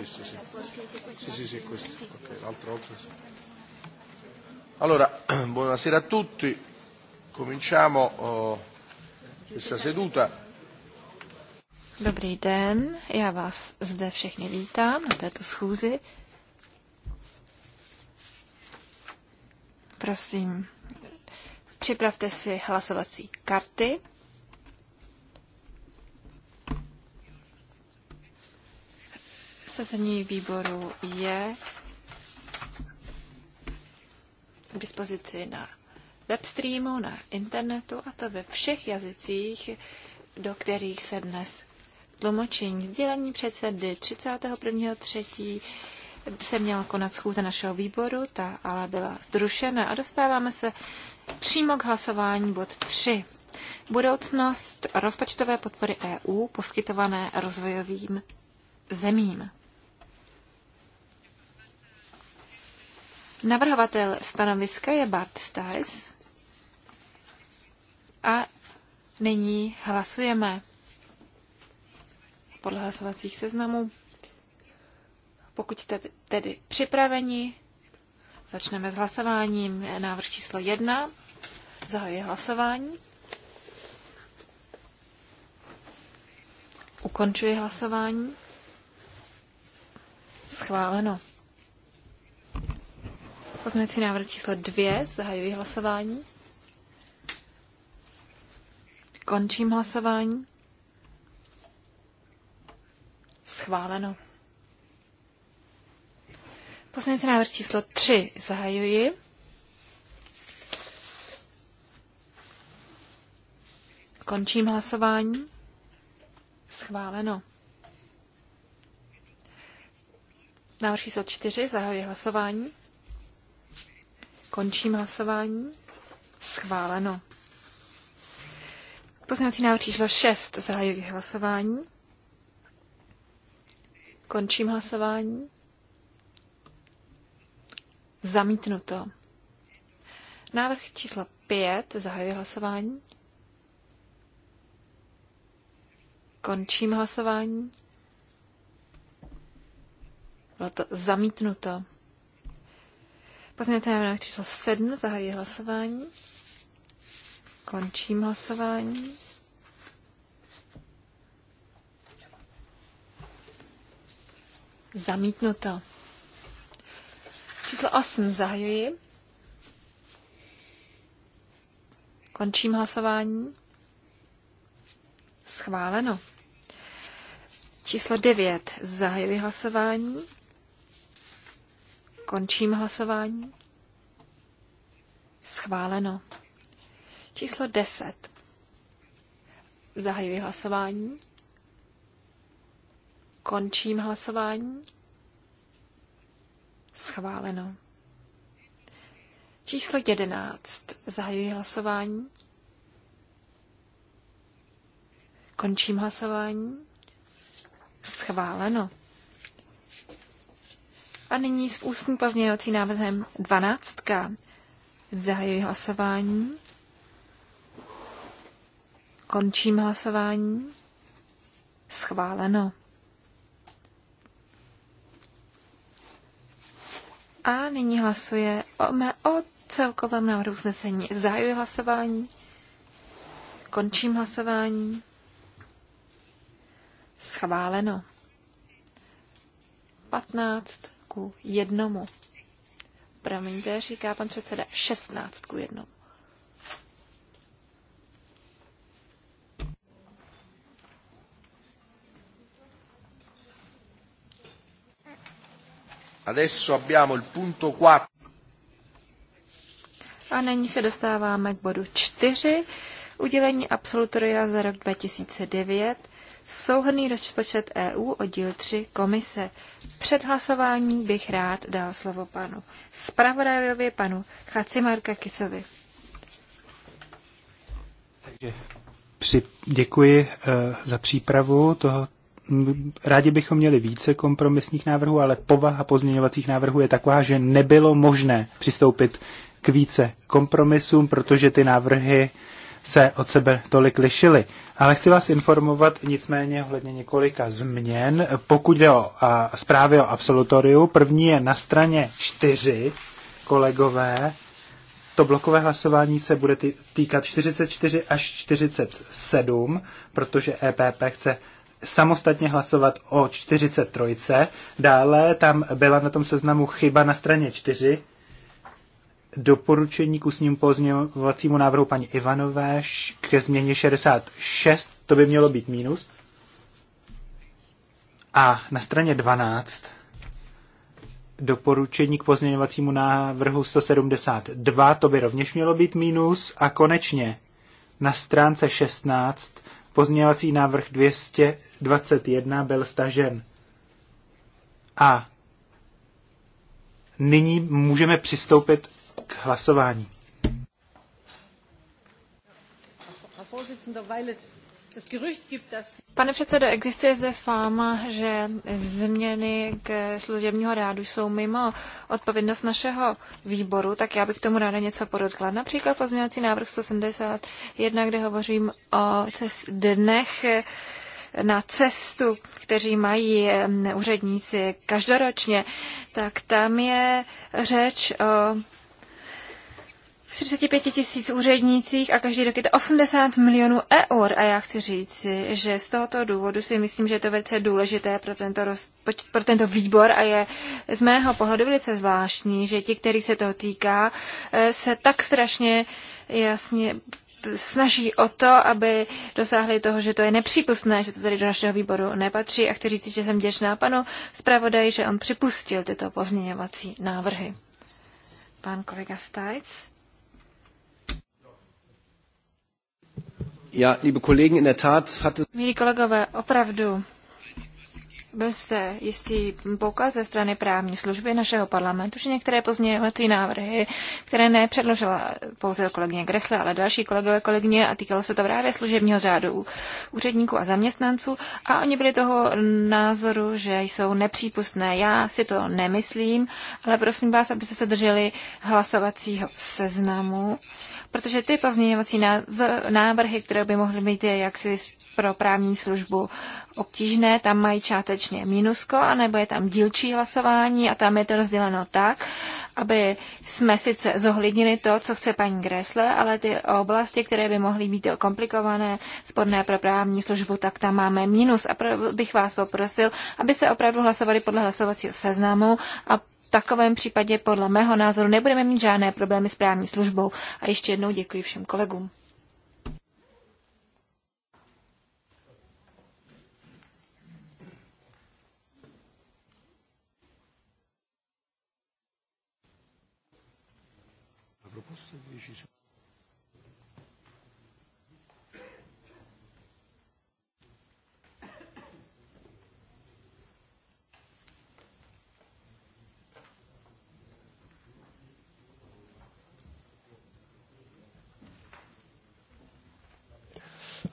questa, sì. Sì, sì, sì, questo. Ok, l'altra volta sì. Allora, buonasera a tutti. Cominciamo oh, questa seduta. Dobrý den, já vás zde všechny vítám na této schůzi. Prosím, připravte si hlasovací karty. Usnesení výboru je k dispozici na webstreamu, na internetu a to ve všech jazycích, do kterých se dnes tlumočení. Sdělení předsedy 31.3. se měla konat schůze našeho výboru, ta ale byla zrušena a dostáváme se přímo k hlasování bod 3. Budoucnost rozpočtové podpory EU poskytované rozvojovým zemím. Navrhovatel stanoviska je Bart Stais. A nyní hlasujeme podle hlasovacích seznamů. Pokud jste tedy připraveni, začneme s hlasováním. Návrh číslo 1. Zahajuji hlasování. Ukončuji hlasování. Schváleno. Pozměňovací návrh číslo 2. Zahajuji hlasování. Končím hlasování. Schváleno. Pozměňovací návrh číslo 3 zahajuji. Končím hlasování. Schváleno. Návrh číslo 4 zahajuji hlasování. Končím hlasování. Schváleno. Pozměňovací návrh číslo 6. Zahajuji hlasování. Končím hlasování. Zamítnuto. Návrh číslo 5. Zahajuji hlasování. Končím hlasování. Bylo to zamítnuto. Pozměňovací návrh číslo 7. zahají hlasování. Končím hlasování. Zamítnuto. Číslo 8 zahajuji. Končím hlasování. Schváleno. Číslo 9 zahajuji hlasování. Končím hlasování. Schváleno. Číslo 10. Zahajuji hlasování. Končím hlasování. Schváleno. Číslo 11. Zahajuji hlasování. Končím hlasování. Schváleno. A nyní s ústním pozměňovacím návrhem 12. Zahajuji hlasování. Končím hlasování. Schváleno. A nyní hlasuje o, mé, o celkovém návrhu usnesení. Zahajuji hlasování. Končím hlasování. Schváleno. 15 ku jednomu. Promiňte, říká pan předseda, 16 ku jednomu. Adesso abbiamo il punto 4. A nyní se dostáváme k bodu 4, udělení absolutoria za rok 2009. Souhrný rozpočet EU oddíl 3 komise. Před hlasování bych rád dal slovo panu zpravodajovi, panu Chacimarka Kisovi. Takže při, děkuji uh, za přípravu toho. Rádi bychom měli více kompromisních návrhů, ale povaha pozměňovacích návrhů je taková, že nebylo možné přistoupit k více kompromisům, protože ty návrhy uh, se od sebe tolik lišily. Ale chci vás informovat nicméně ohledně několika změn. Pokud jde o a, zprávy o absolutoriu, první je na straně 4, kolegové. To blokové hlasování se bude týkat 44 až 47, protože EPP chce samostatně hlasovat o 43. Dále tam byla na tom seznamu chyba na straně 4, doporučení k ústním pozměňovacímu návrhu paní Ivanové ke změně 66, to by mělo být mínus. A na straně 12 doporučení k pozměňovacímu návrhu 172, to by rovněž mělo být mínus. A konečně na stránce 16 pozměňovací návrh 221 byl stažen. A nyní můžeme přistoupit k hlasování. Pane předsedo, existuje zde fáma, že změny k služebního rádu jsou mimo odpovědnost našeho výboru, tak já bych k tomu ráda něco podotkla. Například pozměňovací návrh 171, kde hovořím o dnech na cestu, kteří mají úředníci každoročně, tak tam je řeč o v 45 tisíc úřednících a každý rok je to 80 milionů eur. A já chci říci, že z tohoto důvodu si myslím, že je to velice důležité pro tento, roz, pro tento výbor a je z mého pohledu velice zvláštní, že ti, který se toho týká, eh, se tak strašně jasně snaží o to, aby dosáhli toho, že to je nepřípustné, že to tady do našeho výboru nepatří a chci říct, že jsem děčná panu zpravodaji, že on připustil tyto pozměňovací návrhy. Pan kolega Stajc. Milí kolegové, opravdu byl jste jistý poukaz ze strany právní služby našeho parlamentu, že některé pozměňovací návrhy, které nepředložila pouze kolegyně Gresle, ale další kolegové kolegyně a týkalo se to právě služebního řádu úředníků a zaměstnanců a oni byli toho názoru, že jsou nepřípustné. Já si to nemyslím, ale prosím vás, abyste se drželi hlasovacího seznamu, protože ty pozměňovací návrhy, které by mohly být jaksi pro právní službu obtížné, tam mají čátečně mínusko, anebo je tam dílčí hlasování a tam je to rozděleno tak, aby jsme sice zohlednili to, co chce paní Gressle, ale ty oblasti, které by mohly být komplikované, sporné pro právní službu, tak tam máme mínus. A bych vás poprosil, aby se opravdu hlasovali podle hlasovacího seznamu a v takovém případě podle mého názoru nebudeme mít žádné problémy s právní službou. A ještě jednou děkuji všem kolegům.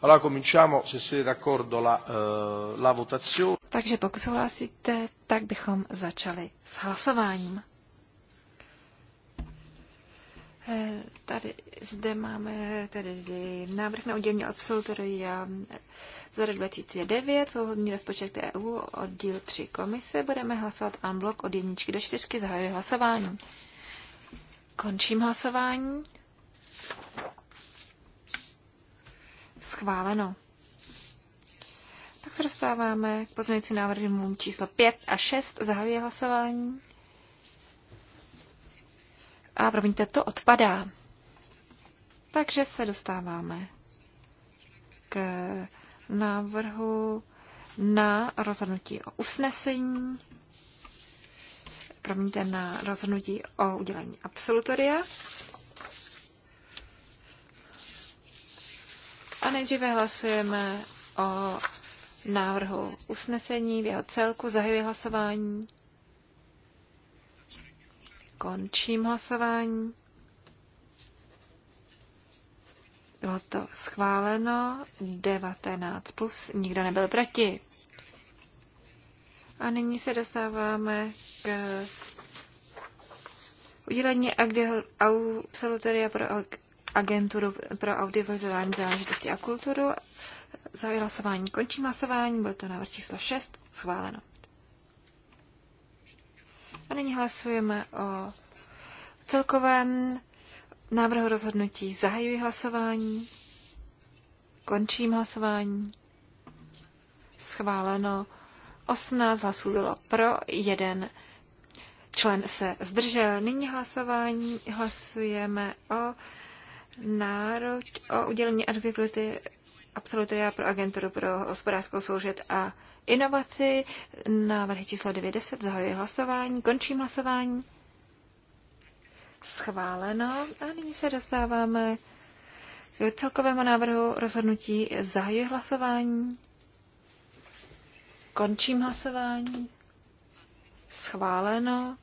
Allora cominciamo, se siete d'accordo, la, uh, la votazione. Takže pokud souhlasíte, tak bychom začali s hlasováním. Eh, tady zde máme tedy návrh na udělení absolutoria za rok 2009, souhodní rozpočet EU, oddíl 3 komise. Budeme hlasovat unblock od jedničky do čtyřky, zahajuji hlasování. Končím hlasování. Schváleno. Tak se dostáváme k pozměňujícím návrhům číslo 5 a 6. Zahajuje hlasování. A promiňte, to odpadá. Takže se dostáváme k návrhu na rozhodnutí o usnesení, promiňte, na rozhodnutí o udělení absolutoria. A nejdříve hlasujeme o návrhu usnesení v jeho celku. Zahajuji hlasování. Končím hlasování. Bylo to schváleno 19 plus, nikdo nebyl proti. A nyní se dostáváme k udělení absolutoria pro agenturu pro audiovizuální záležitosti a kulturu. Zahajuji hlasování, končím hlasování, byl to návrh číslo 6, schváleno. A nyní hlasujeme o celkovém návrhu rozhodnutí. Zahajuji hlasování, končím hlasování, schváleno. 18 hlasů bylo pro, jeden člen se zdržel. Nyní hlasování hlasujeme o národ o udělení advokaty absolutoria pro agenturu pro hospodářskou soužet a inovaci. Návrhy číslo 90 zahajuje hlasování. Končím hlasování. Schváleno. A nyní se dostáváme k celkovému návrhu rozhodnutí. Zahajuji hlasování. Končím hlasování. Schváleno.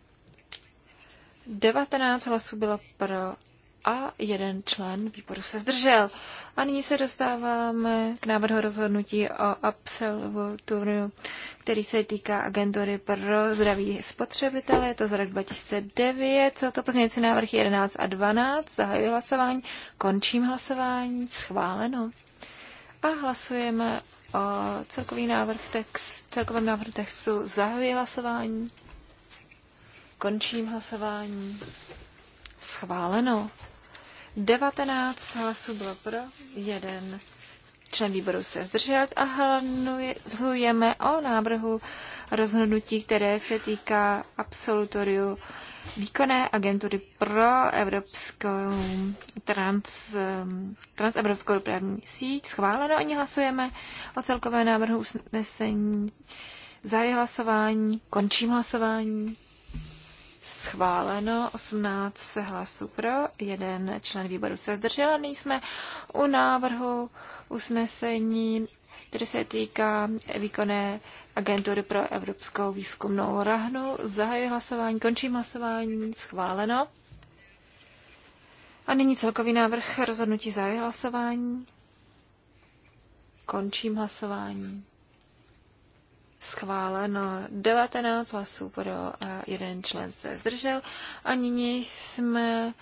19 hlasů bylo pro a jeden člen výboru se zdržel. A nyní se dostáváme k návrhu rozhodnutí o absolutoriu, který se týká agentury pro zdraví spotřebitele. Je to z rok 2009. Jsou to pozměňující návrh 11 a 12. Zahajuji hlasování. Končím hlasování. Schváleno. A hlasujeme o celkový návrh text, celkovém návrhu textu. Zahajuji hlasování. Končím hlasování. Schváleno. 19 hlasů bylo pro, jeden člen výboru se zdržel a hlasujeme o návrhu rozhodnutí, které se týká absolutoriu výkonné agentury pro evropskou trans, transevropskou dopravní síť. Schváleno, oni hlasujeme o celkové návrhu usnesení. Zahajuji hlasování, končím hlasování schváleno, 18 hlasů pro, jeden člen výboru se zdržel a jsme u návrhu usnesení, který se týká výkonné agentury pro evropskou výzkumnou rahnu. Zahajuji hlasování, končím hlasování, schváleno. A nyní celkový návrh rozhodnutí zahajuji hlasování. Končím hlasování schváleno 19 hlasů pro a jeden člen se zdržel. A nyní jsme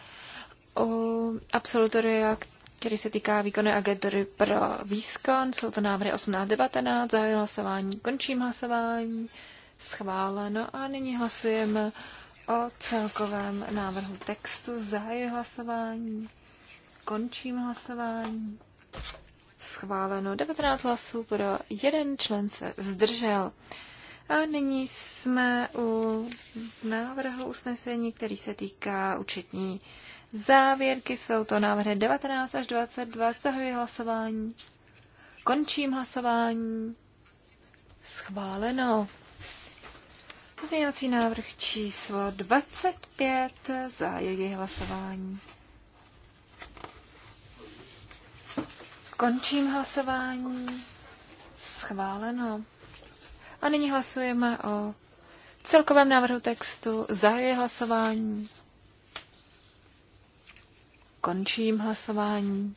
u absolutoria, který se týká výkonné agentury pro výzkon. Jsou to návrhy 18-19, zahajuji hlasování, končím hlasování, schváleno a nyní hlasujeme o celkovém návrhu textu. Zahajuji hlasování, končím hlasování schváleno 19 hlasů pro, jeden člen se zdržel. A nyní jsme u návrhu usnesení, který se týká účetní závěrky. Jsou to návrhy 19 až 22. Zahajuji hlasování. Končím hlasování. Schváleno. Pozměňovací návrh číslo 25. Zahajuji hlasování. Končím hlasování. Schváleno. A nyní hlasujeme o celkovém návrhu textu. Zahajuji hlasování. Končím hlasování.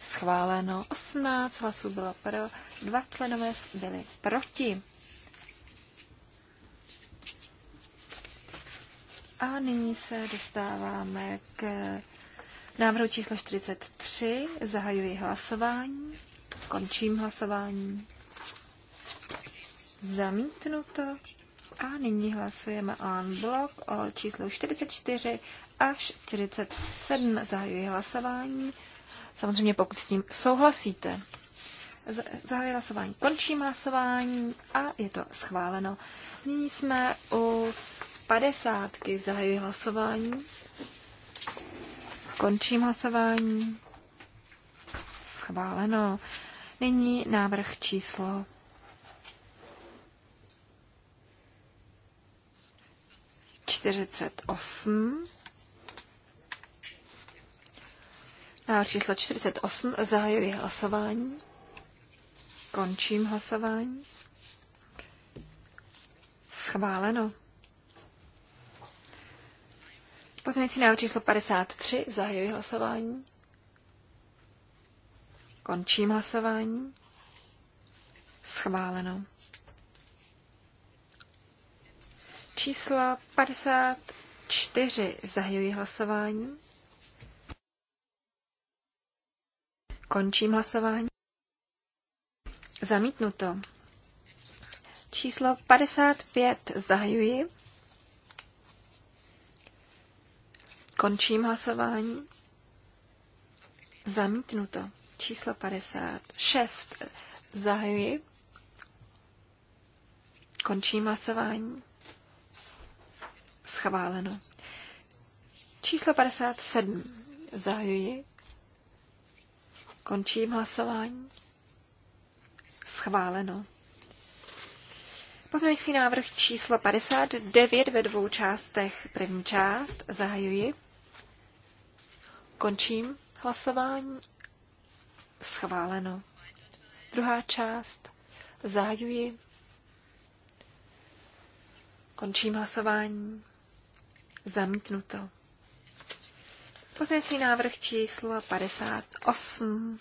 Schváleno 18 hlasů bylo pro, dva členové byli proti. A nyní se dostáváme k k návrhu číslo 43 zahajuji hlasování. Končím hlasování. Zamítnuto. A nyní hlasujeme on blok o číslu 44 až 47. Zahajuji hlasování. Samozřejmě pokud s tím souhlasíte. Zahajuji hlasování. Končím hlasování a je to schváleno. Nyní jsme u 50. Zahajuji hlasování. Končím hlasování. Schváleno. Nyní návrh číslo 48. Návrh číslo 48. Zahajuji hlasování. Končím hlasování. Schváleno. Pozměňující návrh číslo 53. Zahajuji hlasování. Končím hlasování. Schváleno. Číslo 54. Zahajuji hlasování. Končím hlasování. Zamítnuto. Číslo 55. Zahajuji. Končím hlasování. Zamítnuto. Číslo 56. Zahajuji. Končím hlasování. Schváleno. Číslo 57. Zahajuji. Končím hlasování. Schváleno. Pozměňující návrh číslo 59 ve dvou částech. První část zahajuji. Končím hlasování. Schváleno. Druhá část. Zahajuji. Končím hlasování. Zamítnuto. Pozměňovací návrh číslo 58.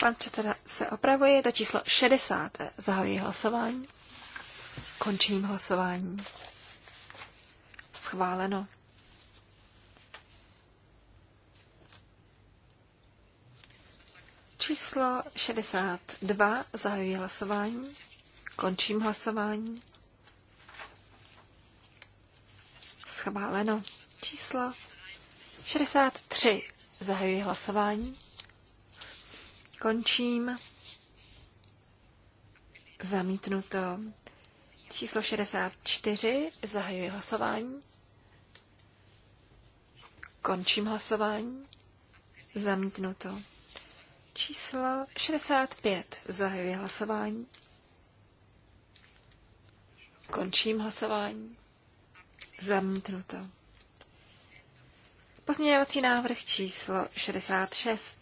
Pan předseda se opravuje, je to číslo 60. Zahajuji hlasování. Končím hlasování. Schváleno. Číslo 62 zahajuji hlasování. Končím hlasování. Schváleno. Číslo 63 zahajuji hlasování. Končím. Zamítnuto. Číslo 64. Zahajuji hlasování. Končím hlasování. Zamítnuto. Číslo 65. Zahajuji hlasování. Končím hlasování. Zamítnuto. Pozměňovací návrh číslo 66.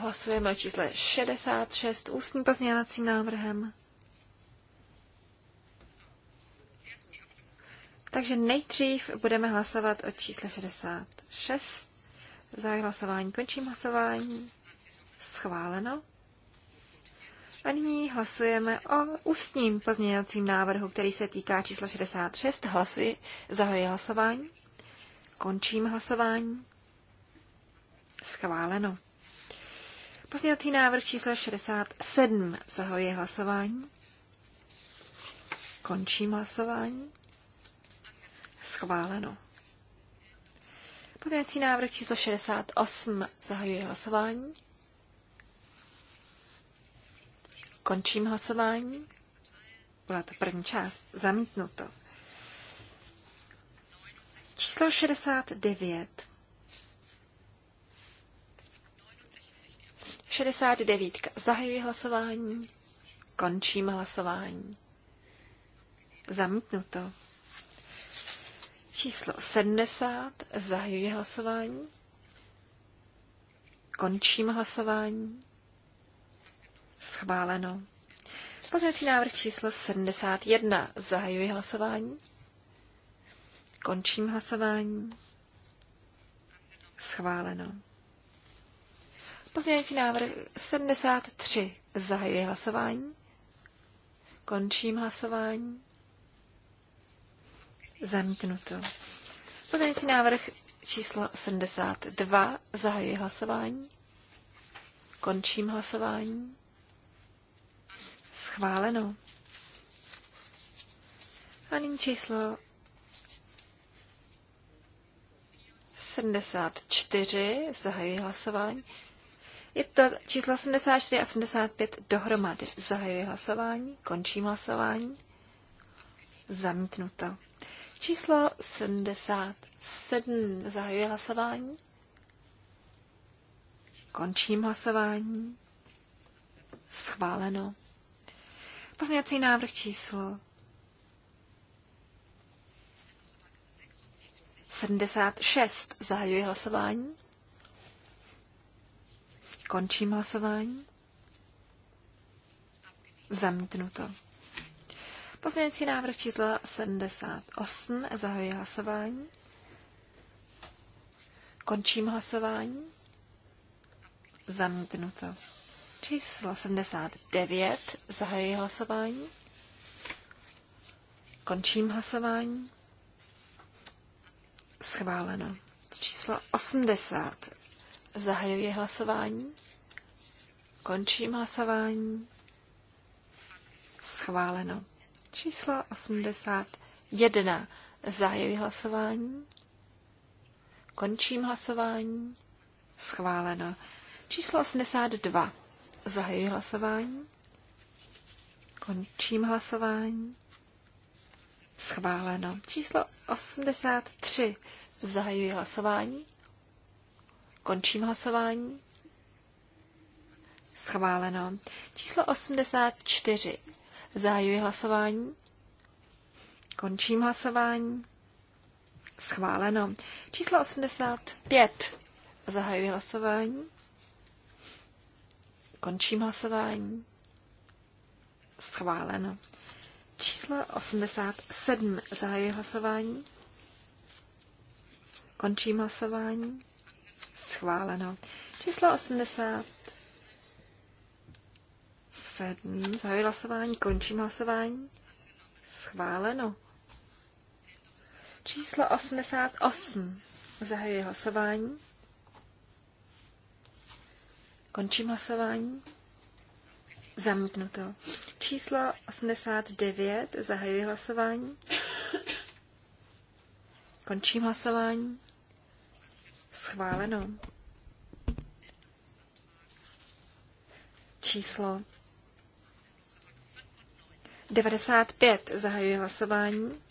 Hlasujeme o čísle 66 ústním pozměňovacím návrhem. Takže nejdřív budeme hlasovat o čísle 66. Za hlasování končím hlasování. Schváleno. A nyní hlasujeme o ústním pozměňovacím návrhu, který se týká čísla 66. Hlasuji, zahoji hlasování. Končím hlasování. Schváleno. Pozdělací návrh číslo 67. Zahoji hlasování. Končím hlasování. Schváleno. Pozdělací návrh číslo 68. Zahajuji hlasování. Končím hlasování. Byla to první část. Zamítnuto. Číslo 69. 69. Zahajuji hlasování. Končím hlasování. Zamítnuto. Číslo 70. Zahajuji hlasování. Končím hlasování. Schváleno. Pozměňovací návrh číslo 71. Zahajuji hlasování. Končím hlasování. Schváleno. Pozměňující návrh 73. Zahajuji hlasování. Končím hlasování. Zamítnuto. Pozměňující návrh číslo 72. Zahajuji hlasování. Končím hlasování. Schváleno. A nyní číslo 74. Zahajuji hlasování. Je to číslo 74 a 75 dohromady. Zahajuji hlasování, končím hlasování. Zamítnuto. Číslo 77. Zahajuji hlasování. Končím hlasování. Schváleno. Pozměňovací návrh číslo 76. Zahajuji hlasování. Končím hlasování. Zamítnuto. Pozměňující návrh číslo 78. Zahajuji hlasování. Končím hlasování. Zamítnuto. Číslo 79. Zahajuji hlasování. Končím hlasování. Schváleno. Číslo 80. Zahajuji hlasování. Končím hlasování. Schváleno. Číslo 81. Zahajuji hlasování. Končím hlasování. Schváleno. Číslo 82. Zahajuji hlasování. Končím hlasování. Schváleno. Číslo 83. Zahajuji hlasování. Končím hlasování. Schváleno. Číslo 84. Zahajuji hlasování. Končím hlasování. Schváleno. Číslo 85. Zahajuji hlasování. Končím hlasování. Schváleno. Číslo 87. Zahajuji hlasování. Končím hlasování schváleno. Číslo 87. Zahajuji hlasování, končím hlasování. Schváleno. Číslo 88. Zahajuji hlasování. Končím hlasování. Zamítnuto. Číslo 89. Zahajuji hlasování. Končím hlasování. Schváleno. Číslo 95. Zahajuji hlasování.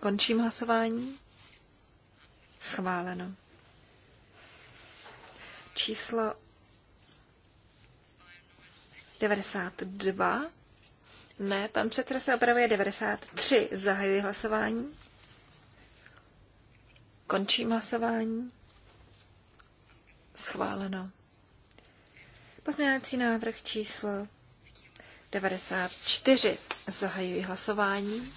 Končím hlasování. Schváleno. Číslo 92. Ne, pan předseda se opravuje 93. Zahajuji hlasování. Končím hlasování. Schváleno. Pozměňovací návrh číslo 94. Zahajuji hlasování.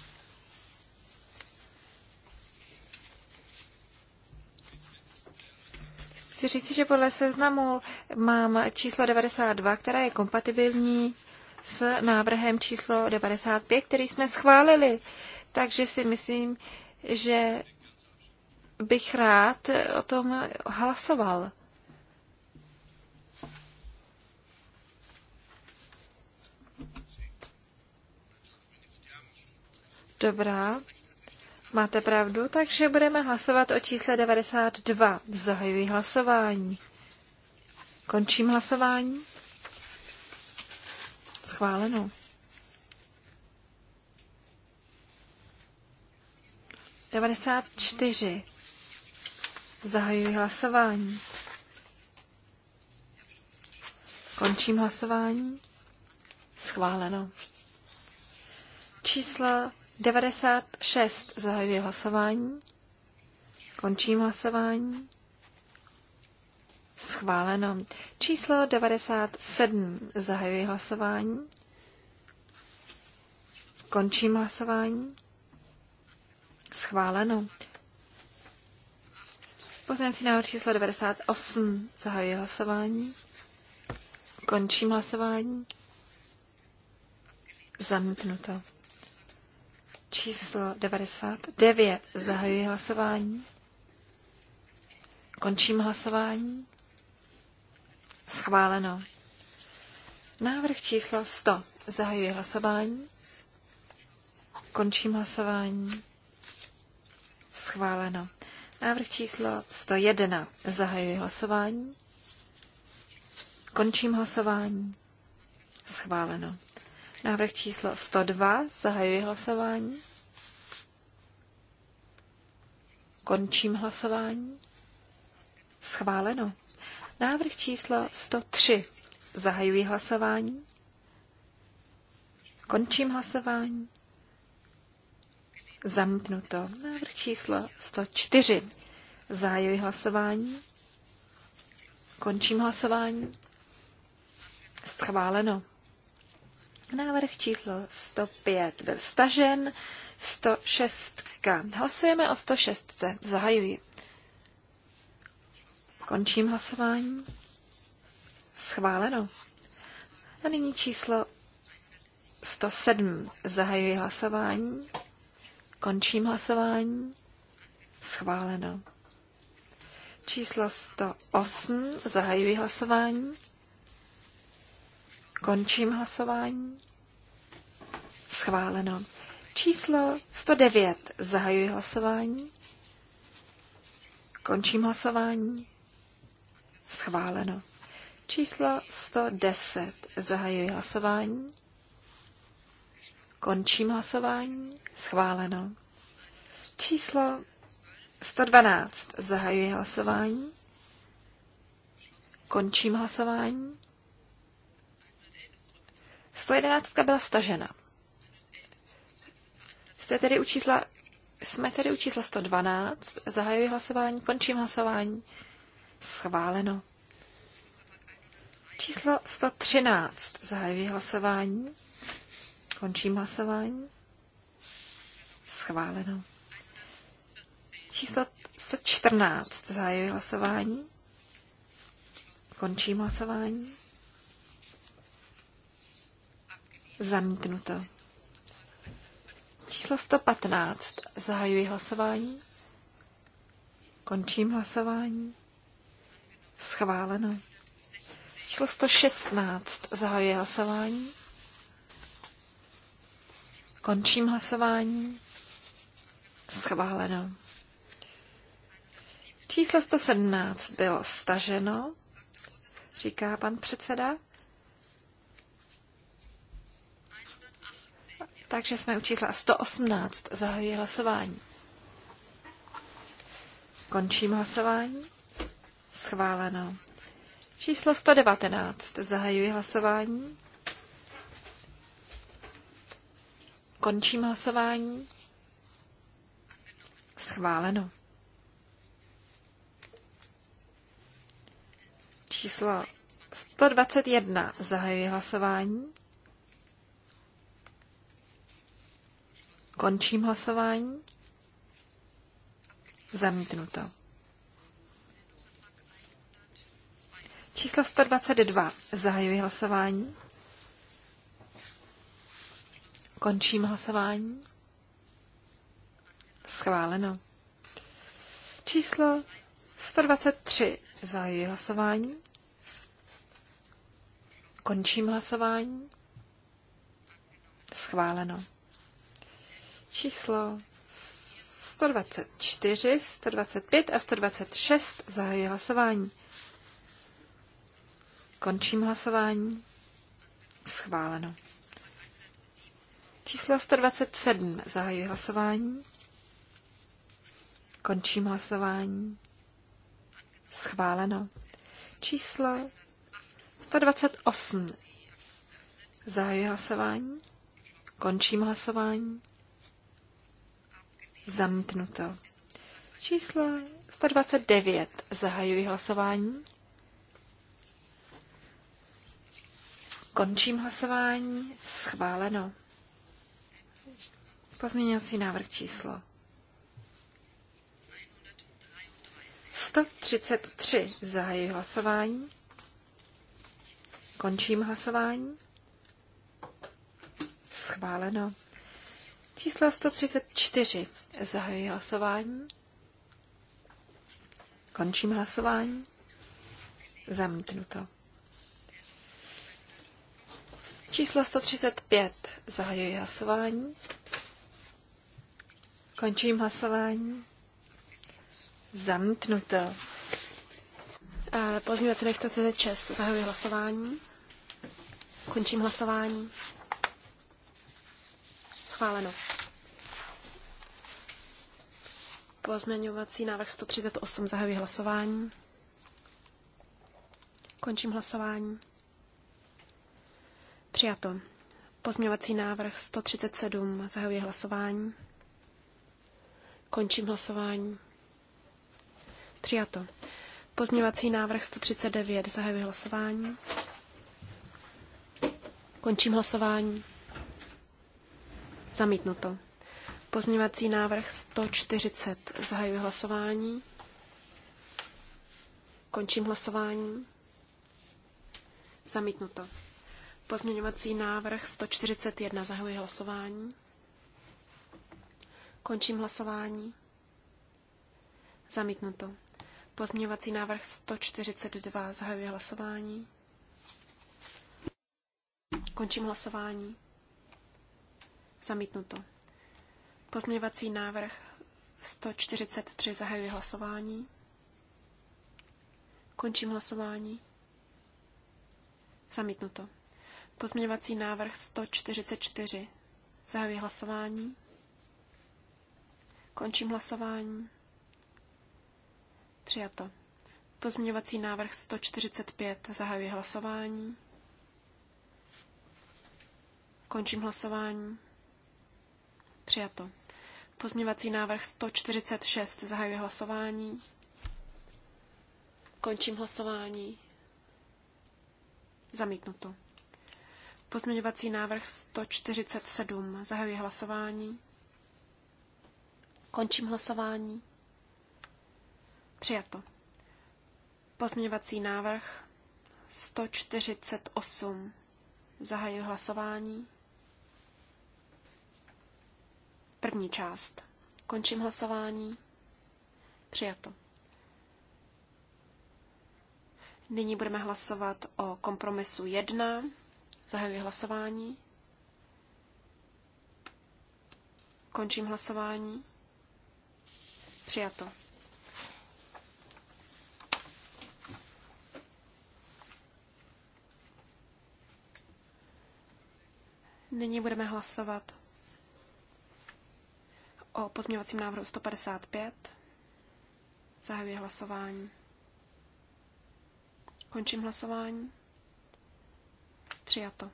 Chci říct, že podle seznamu mám číslo 92, které je kompatibilní s návrhem číslo 95, který jsme schválili. Takže si myslím, že bych rád o tom hlasoval. Dobrá, máte pravdu, takže budeme hlasovat o čísle 92. Zahajuji hlasování. Končím hlasování. Schváleno. Devadesát čtyři. Zahajuji hlasování. Končím hlasování. Schváleno. Číslo 96. Zahajuji hlasování. Končím hlasování. Schváleno. Číslo 97. Zahajuji hlasování. Končím hlasování. Schváleno. Pozměňovací návrh číslo 98. Zahajuji hlasování. Končím hlasování. Zamítnuto. Číslo 99. Zahajuji hlasování. Končím hlasování. Schváleno. Návrh číslo 100. Zahajuji hlasování. Končím hlasování. Schváleno. Návrh číslo 101. Zahajuji hlasování. Končím hlasování. Schváleno. Návrh číslo 102. Zahajuji hlasování. Končím hlasování. Schváleno. Návrh číslo 103. Zahajuji hlasování. Končím hlasování. Zamknuto. Návrh číslo 104. Zájuji hlasování. Končím hlasování. Schváleno. Návrh číslo 105 byl stažen. 106. Hlasujeme o 106. Zahajuji. Končím hlasování. Schváleno. A nyní číslo 107. Zahajuji hlasování. Končím hlasování. Schváleno. Číslo 108. Zahajuji hlasování. Končím hlasování. Schváleno. Číslo 109. Zahajuji hlasování. Končím hlasování. Schváleno. Číslo 110. Zahajuji hlasování. Končím hlasování. Schváleno. Číslo 112. Zahajuji hlasování. Končím hlasování. 111 byla stažena. Jste tedy u čísla, jsme tedy u čísla 112. Zahajuji hlasování, končím hlasování. Schváleno. Číslo 113. Zahajuji hlasování. Končím hlasování. Schváleno. Číslo 114. Zahajuji hlasování. Končím hlasování. Zamítnuto. Číslo 115. Zahajuji hlasování. Končím hlasování. Schváleno. Číslo 116. Zahajuji hlasování. Končím hlasování. Schváleno. Číslo 117 bylo staženo, říká pan předseda. Takže jsme u čísla 118. Zahajuji hlasování. Končím hlasování. Schváleno. Číslo 119. Zahajuji hlasování. Končím hlasování. Schváleno. Číslo 121. Zahajuji hlasování. Končím hlasování. Zamítnuto. Číslo 122. Zahajuji hlasování. Končím hlasování. Schváleno. Číslo 123. Zahajuji hlasování. Končím hlasování. Schváleno. Číslo 124, 125 a 126. Zahajuji hlasování. Končím hlasování. Schváleno číslo 127. Zahajuji hlasování. Končím hlasování. Schváleno. Číslo 128. Zahajuji hlasování. Končím hlasování. Zamítnuto. Číslo 129. Zahajuji hlasování. Končím hlasování. Schváleno. Pozměňovací návrh číslo 133. Zahajuji hlasování. Končím hlasování. Schváleno. Číslo 134. Zahajuji hlasování. Končím hlasování. Zamítnuto. Číslo 135. Zahajuji hlasování. Končím hlasování. Zamítnuto. E, pozměňovací návrh 136. Zahajuji hlasování. Končím hlasování. Schváleno. Pozměňovací návrh 138. Zahajuji hlasování. Končím hlasování. Přijato. Pozměňovací návrh 137. Zahajuji hlasování. Končím hlasování. Přijato. Pozměňovací návrh 139. Zahajuji hlasování. Končím hlasování. Zamítnuto. Pozměňovací návrh 140. Zahajuji hlasování. Končím hlasování. Zamítnuto. Pozměňovací návrh 141. Zahajuji hlasování. Končím hlasování. Zamítnuto. Pozměňovací návrh 142. Zahajuji hlasování. Končím hlasování. Zamítnuto. Pozměňovací návrh 143. Zahajuji hlasování. Končím hlasování. Zamítnuto. Pozměňovací návrh 144. Zahajuji hlasování. Končím hlasování. Přijato. Pozměňovací návrh 145. Zahajuji hlasování. Končím hlasování. Přijato. Pozměňovací návrh 146. Zahajuji hlasování. Končím hlasování. Zamítnuto. Pozměňovací návrh 147. Zahajuji hlasování. Končím hlasování. Přijato. Pozměňovací návrh 148. Zahajuji hlasování. První část. Končím hlasování. Přijato. Nyní budeme hlasovat o kompromisu 1. Zahajuji hlasování. Končím hlasování. Přijato. Nyní budeme hlasovat o pozměňovacím návrhu 155. Zahajuji hlasování. Končím hlasování. Přijato.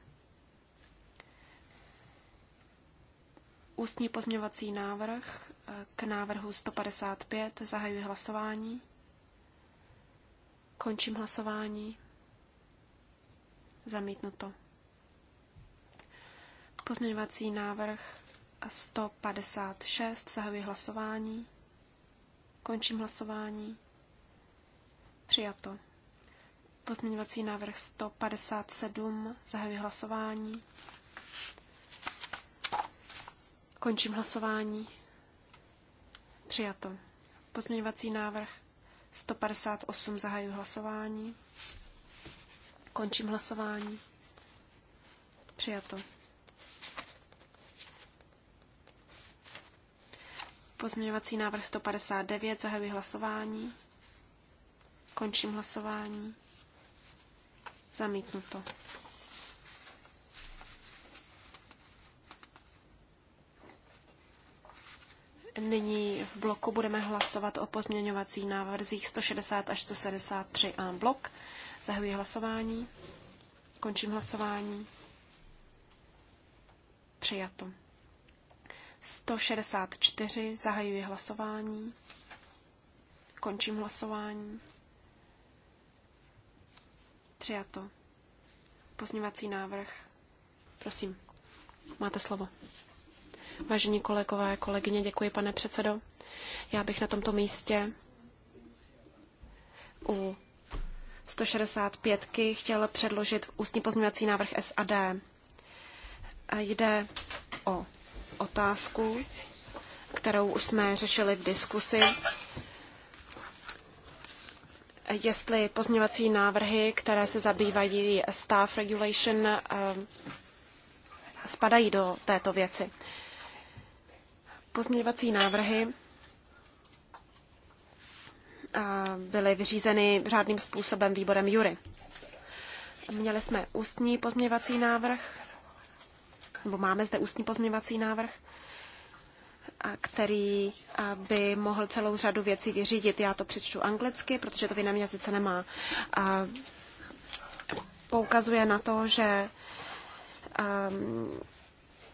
Ústní pozměňovací návrh eh, k návrhu 155. Zahajuji hlasování. Končím hlasování. Zamítnuto. Pozměňovací návrh 156. Zahajuji hlasování. Končím hlasování. Přijato. Pozměňovací návrh 157. Zahajuji hlasování. Končím hlasování. Přijato. Pozměňovací návrh 158 zahajuji hlasování. Končím hlasování. Přijato. Pozměňovací návrh 159 zahajuji hlasování. Končím hlasování. Zamítnuto. Nyní v bloku budeme hlasovat o pozměňovacích návrzích 160 až 163 a blok. Zahajuji hlasování. Končím hlasování. Přijato. 164. Zahajuji hlasování. Končím hlasování. Přijato. Pozměňovací návrh. Prosím, máte slovo. Vážení kolegové, kolegyně, děkuji, pane předsedo. Já bych na tomto místě u 165 chtěl předložit ústní pozměňovací návrh SAD. A jde o otázku, kterou už jsme řešili v diskusi, jestli pozměňovací návrhy, které se zabývají staff regulation, eh, spadají do této věci. Pozměňovací návrhy byly vyřízeny řádným způsobem výborem Jury. Měli jsme ústní pozměňovací návrh, nebo máme zde ústní pozměňovací návrh, který by mohl celou řadu věcí vyřídit. Já to přečtu anglicky, protože to v jiném jazyce nemá. A poukazuje na to, že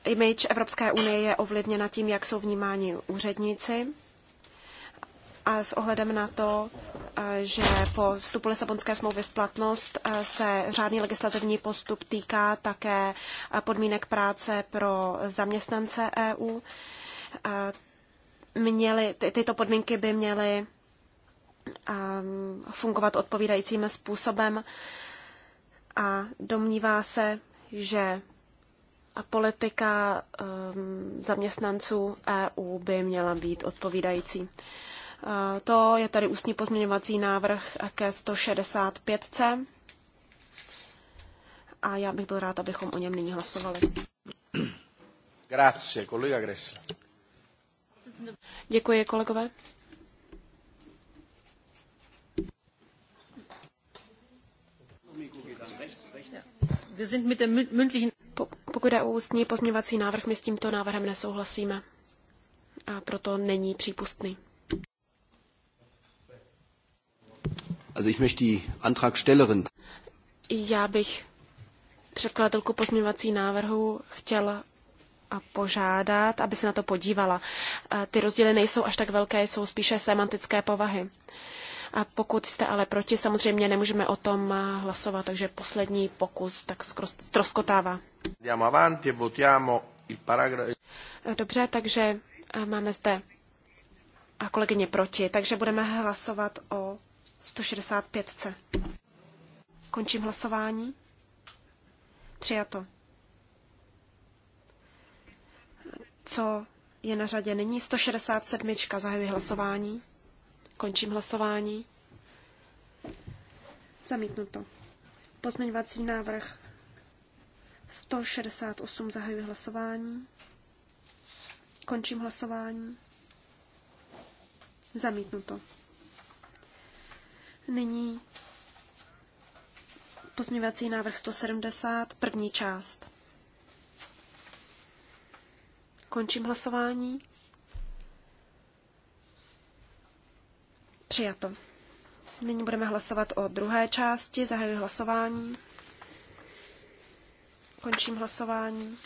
image Evropské unie je ovlivněna tím, jak jsou vnímáni úředníci. A s ohledem na to, eh, že po vstupu Lisabonské smlouvy v platnost eh, se řádný legislativní postup týká také eh, podmínek práce pro zaměstnance EU, měly, ty, tyto podmínky by měly ehm, fungovat odpovídajícím způsobem a domnívá se, že a politika um, zaměstnanců EU by měla být odpovídající. Eh, to je tady ústní pozměňovací návrh ke 165C a já bych byl rád, abychom o něm nyní hlasovali. Grazie, kolega Gressler. Děkuji, kolegové. Wir sind mit der mündlichen pokud je o ústní pozměvací návrh, my s tímto návrhem nesouhlasíme a proto není přípustný. Also ich möchte die Antragstellerin. Já bych předkladatelku pozměňovací návrhu chtěl a požádat, aby se na to podívala. Ty rozdíly nejsou až tak velké, jsou spíše semantické povahy. A pokud jste ale proti, samozřejmě nemůžeme o tom eh, hlasovat, takže poslední pokus tak ztroskotává. E eh, dobře, takže eh, máme zde a kolegyně proti, takže budeme hlasovat o 165. Končím hlasování. Přijato. Co je na řadě nyní? 167. Zahajuji hlasování. Končím hlasování. Zamítnuto. Pozměňovací návrh 168 zahajuji hlasování. Končím hlasování. Zamítnuto. Nyní pozměňovací návrh 170, první část. Končím hlasování. Přijato. Nyní budeme hlasovat o druhé části. Zahajuji hlasování. Končím hlasování.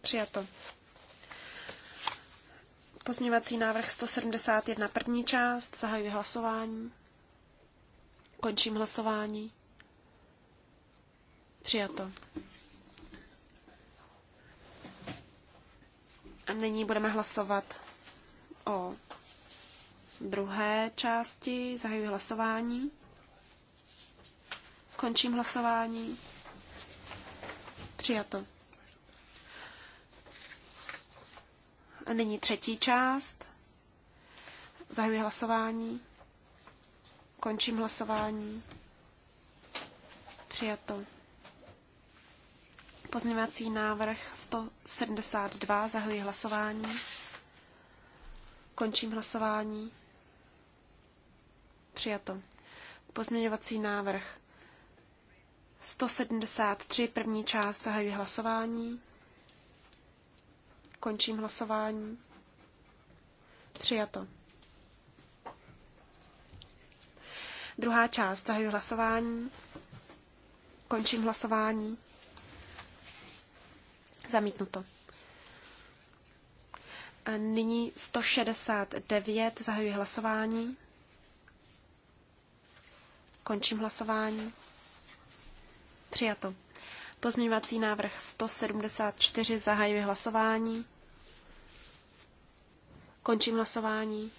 Přijato. Pozměňovací návrh 171 první část. Zahajuji hlasování. Končím hlasování. Přijato. A nyní budeme hlasovat o druhé části. Zahajuji hlasování. Končím hlasování. Přijato. A nyní třetí část. Zahajuji hlasování. Končím hlasování. Přijato. Pozměňovací návrh 172. Zahajuji hlasování. Končím hlasování. Přijato. Pozměňovací návrh 173, první část, zahajuji hlasování. Končím hlasování. Přijato. Druhá část, zahajuji hlasování. Končím hlasování. Zamítnuto. A nyní 169, zahajuji hlasování. Končím hlasování. Přijato. Pozměňovací návrh 174 zahajuje hlasování. Končím hlasování.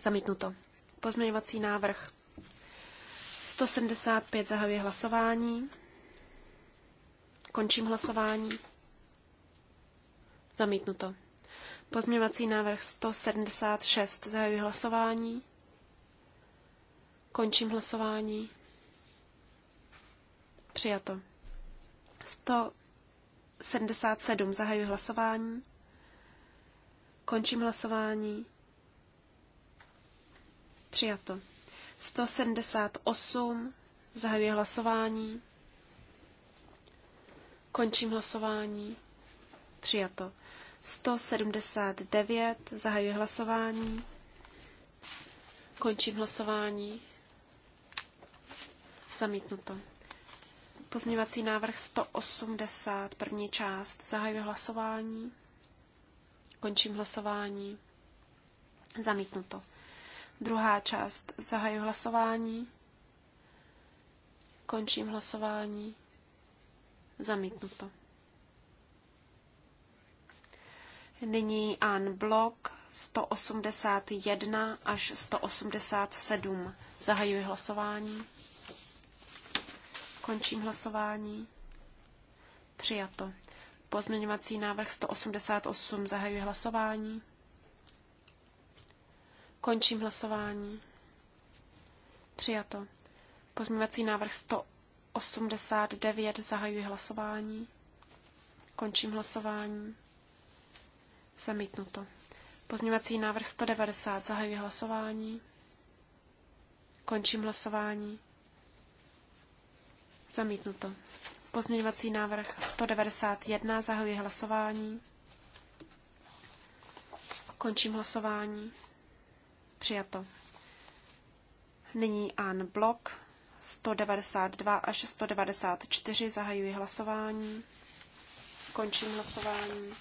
Zamítnuto. Pozměňovací návrh 175 zahajuje hlasování. Končím hlasování. Zamítnuto. Pozměňovací návrh 176 zahajuje hlasování. Končím hlasování. Přijato. 177. Zahajuji hlasování. Končím hlasování. Přijato. 178. Zahajuji hlasování. Končím hlasování. Přijato. 179. Zahajuji hlasování. Končím hlasování. Zamítnuto. Pozměňovací návrh 180, první část. Zahajuji hlasování. Končím hlasování. Zamítnuto. Druhá část. Zahajuji hlasování. Končím hlasování. Zamítnuto. Nyní an blok 181 až 187. Zahajuji hlasování. Končím hlasování. Přijato. Pozměňovací návrh 188. Zahajuji hlasování. Končím hlasování. Přijato. Pozměňovací návrh 189. Zahajuji hlasování. Končím hlasování. Zamítnuto. Pozměňovací návrh 190. Zahajuji hlasování. Končím hlasování. Zamítnuto. Pozměňovací návrh 191. Zahajuji hlasování. Končím hlasování. Přijato. Nyní an blok 192 až 194. Zahajuji hlasování. Končím hlasování.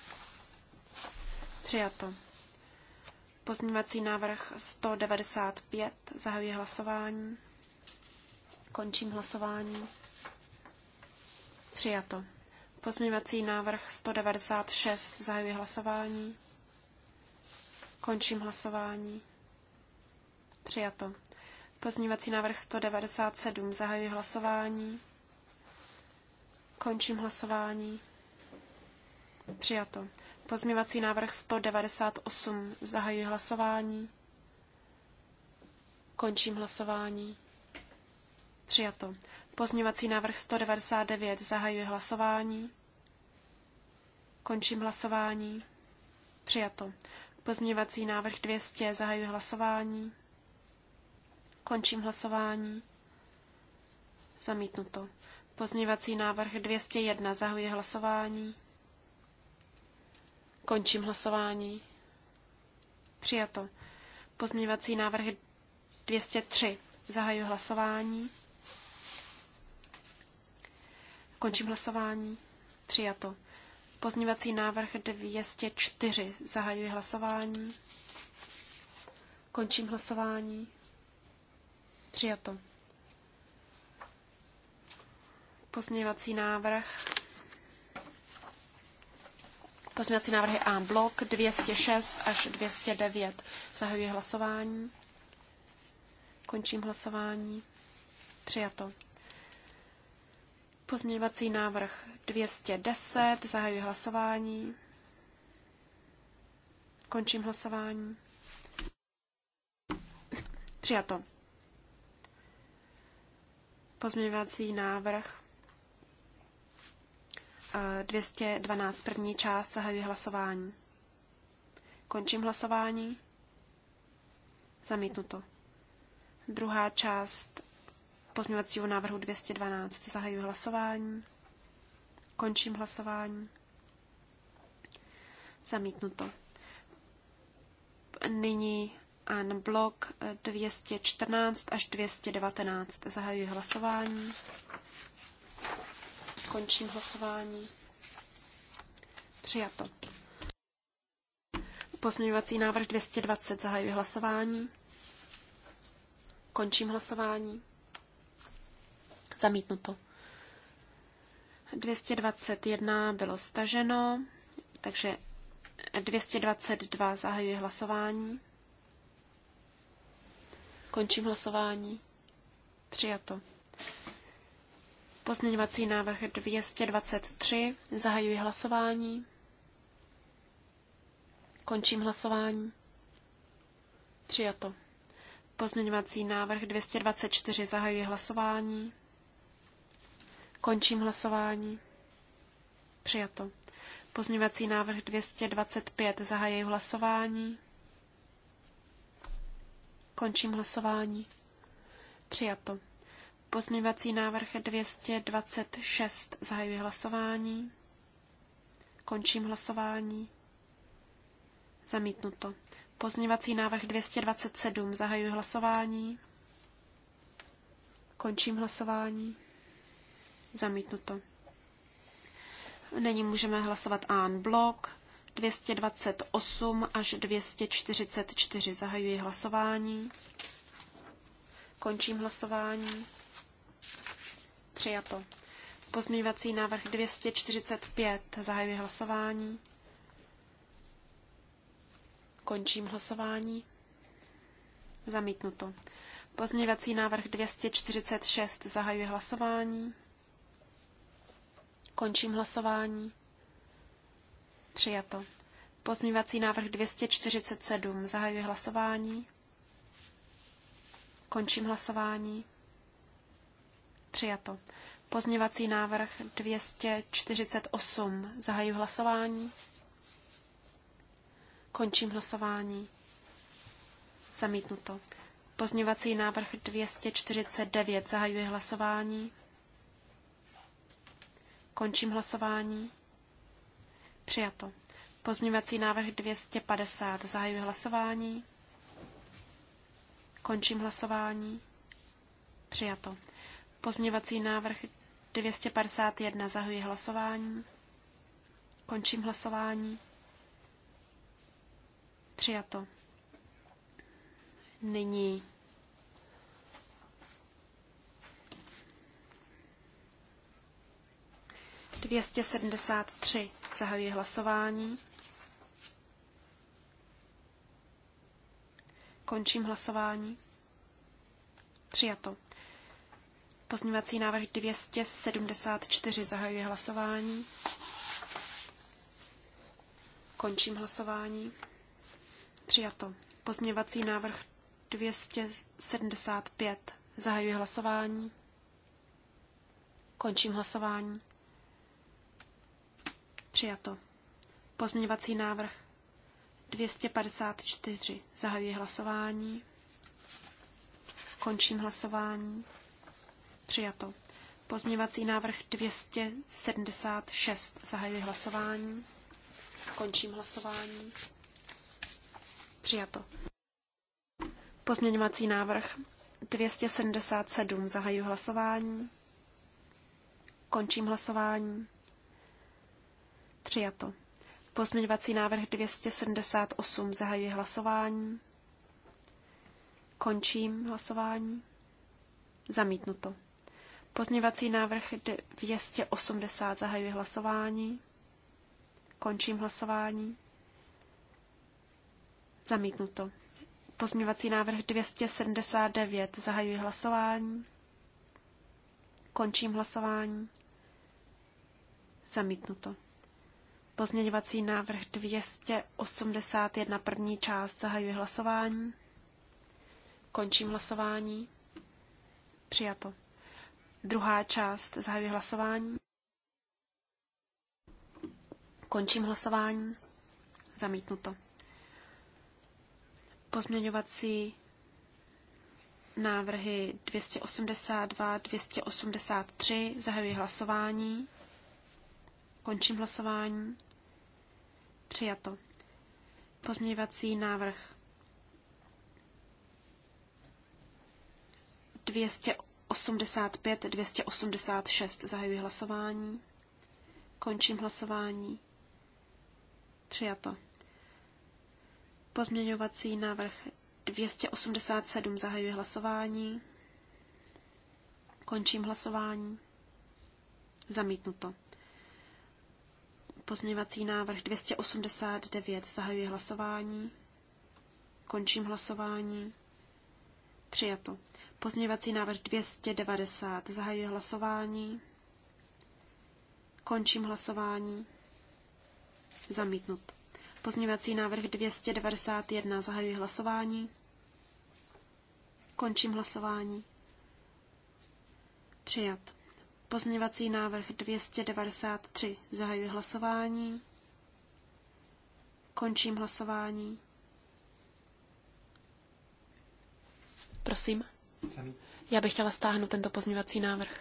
Přijato. Pozměňovací návrh 195. Zahajuji hlasování. Končím hlasování. Přijato. Pozměňovací návrh 196. Zahajuji hlasování. Končím hlasování. Přijato. Pozměňovací návrh 197. Zahajuji hlasování. Končím hlasování. Přijato. Pozměňovací návrh 198. Zahajuji hlasování. Končím hlasování. Přijato. Pozměňovací návrh 199. Zahajuji hlasování. Končím hlasování. Přijato. Pozměňovací návrh 200. Zahajuji hlasování. Končím hlasování. Zamítnuto. Pozměňovací návrh 201. Zahajuji hlasování. Končím hlasování. Přijato. Pozměňovací návrh 203. Zahajuji hlasování. Končím hlasování. Přijato. Pozměňovací návrh 204. Zahajuji hlasování. Končím hlasování. Přijato. Pozměňovací návrh. Pozměňovací návrhy A blok 206 až 209. Zahajuji hlasování. Končím hlasování. Přijato. Pozměňovací návrh 210. Zahajuji hlasování. Končím hlasování. Přijato. Pozměňovací návrh 212. Eh, první část. Zahajuji hlasování. Končím hlasování. Zamítnuto. Druhá část pozměňovacího návrhu 212. Zahajuji hlasování. Končím hlasování. Zamítnuto. Nyní na blok 214 až 219. Zahajuji hlasování. Končím hlasování. Přijato. Pozměňovací návrh 220. Zahajuji hlasování. Končím hlasování. Zamítnuto. 221 bylo staženo, takže 222 zahajuje hlasování. Končím hlasování. Přijato. Pozměňovací návrh 223. zahajuje hlasování. Končím hlasování. Přijato. Pozměňovací návrh 224. zahajuje hlasování. Končím hlasování. Přijato. Pozměňovací návrh 225. Zahajuji hlasování. Končím hlasování. Přijato. Pozměňovací návrh 226. Zahajuji hlasování. Končím hlasování. Zamítnuto. Pozměňovací návrh 227. Zahajuji hlasování. Končím hlasování. Zamítnuto. Není můžeme hlasovat AN blok 228 až 244. Zahajuji hlasování. Končím hlasování. Přijato. Pozměňovací návrh 245. Zahajuji hlasování. Končím hlasování. Zamítnuto. Pozměňovací návrh 246. Zahajuji hlasování. Končím hlasování. Přijato. Pozměňovací návrh 247. Zahajuji hlasování. Končím hlasování. Přijato. Pozměňovací návrh 248. Zahajuji hlasování. Končím hlasování. Zamítnuto. Pozměňovací návrh 249. Zahajuji hlasování. Končím hlasování. Přijato. Pozměňovací návrh 250. Zahajuji hlasování. Končím hlasování. Přijato. Pozměňovací návrh 251. Zahajuji hlasování. Končím hlasování. Přijato. Nyní 273. Zahajuji hlasování. Končím hlasování. Přijato. Pozměňovací návrh 274. Zahajuji hlasování. Končím hlasování. Přijato. Pozměňovací návrh 275. Zahajuji hlasování. Končím hlasování. Přijato. Pozměňovací návrh 254. Zahajuji hlasování. Končím hlasování. Přijato. Pozměňovací návrh 276. Zahajuji hlasování. Končím hlasování. Přijato. Pozměňovací návrh 277. Zahajuji hlasování. Končím hlasování. Přijato. Pozměňovací návrh 278. zahajuje hlasování. Končím hlasování. Zamítnuto. Pozměňovací návrh 280. zahajuje hlasování. Končím hlasování. Zamítnuto. Pozměňovací návrh 279. zahajuje hlasování. Končím hlasování. Zamítnuto. Pozměňovací návrh 281 první část zahajuje hlasování. Končím hlasování. Přijato. Druhá část zahajuje hlasování. Končím hlasování. Zamítnuto. Pozměňovací návrhy 282, 283 zahajuje hlasování. Končím hlasování. Přijato. Pozměňovací návrh 285, 286. Zahajuji hlasování. Končím hlasování. Přijato. Pozměňovací návrh 287. Zahajuji hlasování. Končím hlasování. Zamítnuto. Pozměňovací návrh 289. Zahajuji hlasování. Končím hlasování. Přijato. Pozměňovací návrh 290. Zahajuji hlasování. Končím hlasování. Zamítnut. Pozměňovací návrh 291. Zahajuji hlasování. Končím hlasování. Přijat. Pozměňovací návrh 293. Zahajuji hlasování. Končím hlasování. Prosím. Já bych chtěla stáhnout tento pozměňovací návrh.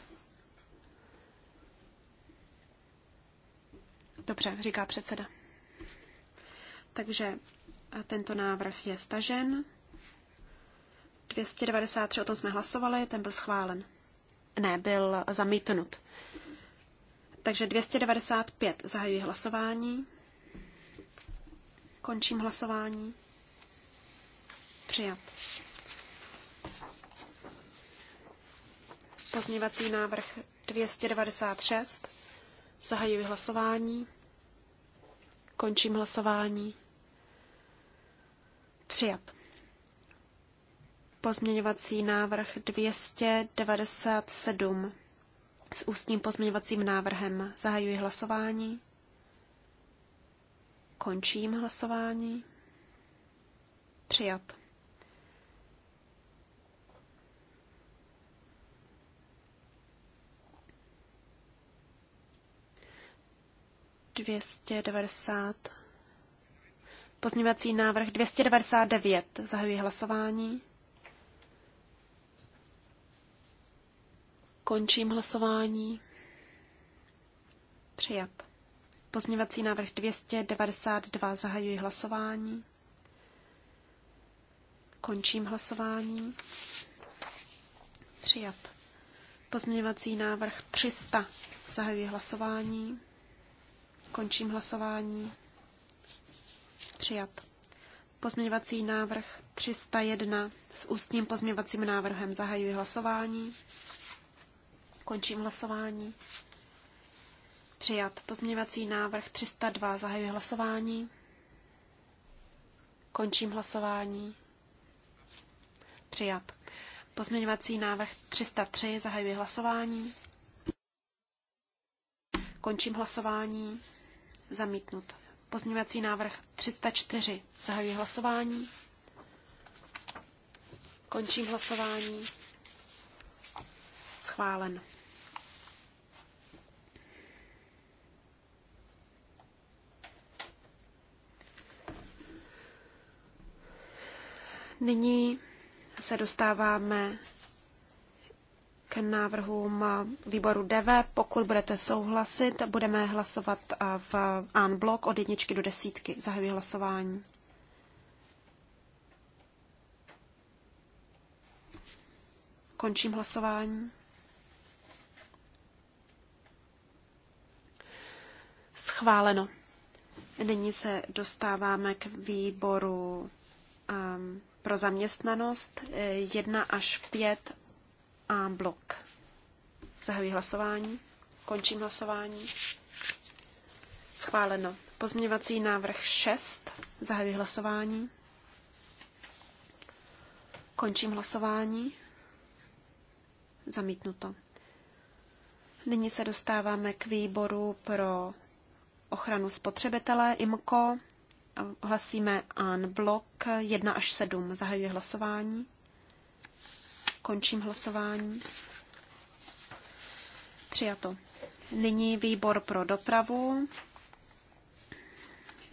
Dobře, říká předseda. Takže tento návrh je stažen. 293 o tom jsme hlasovali, ten byl schválen. Ne, byl zamítnut. Takže 295. Zahajuji hlasování. Končím hlasování. Přijat. Pozměvací návrh 296. Zahajuji hlasování. Končím hlasování. Přijat. Pozměňovací návrh 297 s ústním pozměňovacím návrhem. Zahajuji hlasování. Končím hlasování. Přijat. Dvěstě devadesát. Pozměňovací návrh 299. Zahajuji hlasování. Končím hlasování. Přijat. Pozměňovací návrh 292. Zahajuji hlasování. Končím hlasování. Přijat. Pozměňovací návrh 300. Zahajuji hlasování. Končím hlasování. Přijat. Pozměňovací návrh 301 s ústním pozměňovacím návrhem. Zahajuji hlasování. Končím hlasování. Přijat pozměňovací návrh 302. Zahajuji hlasování. Končím hlasování. Přijat. Pozměňovací návrh 303. Zahajuji hlasování. Končím hlasování. Zamítnut. Pozměňovací návrh 304. Zahajuji hlasování. Končím hlasování. Schválen. Nyní se dostáváme k návrhům výboru DV. Pokud budete souhlasit, budeme hlasovat eh, v unblock od jedničky do desítky. Zahajuji hlasování. Končím hlasování. Schváleno. Nyní se dostáváme k výboru um, pro zaměstnanost 1 eh, až 5 a blok. Zahajuji hlasování. Končím hlasování. Schváleno. Pozměňovací návrh 6. Zahajuji hlasování. Končím hlasování. Zamítnuto. Nyní se dostáváme k výboru pro ochranu spotřebitele, IMCO, hlasíme an blok 1 až 7. Zahajuji hlasování. Končím hlasování. Přijato. Nyní výbor pro dopravu.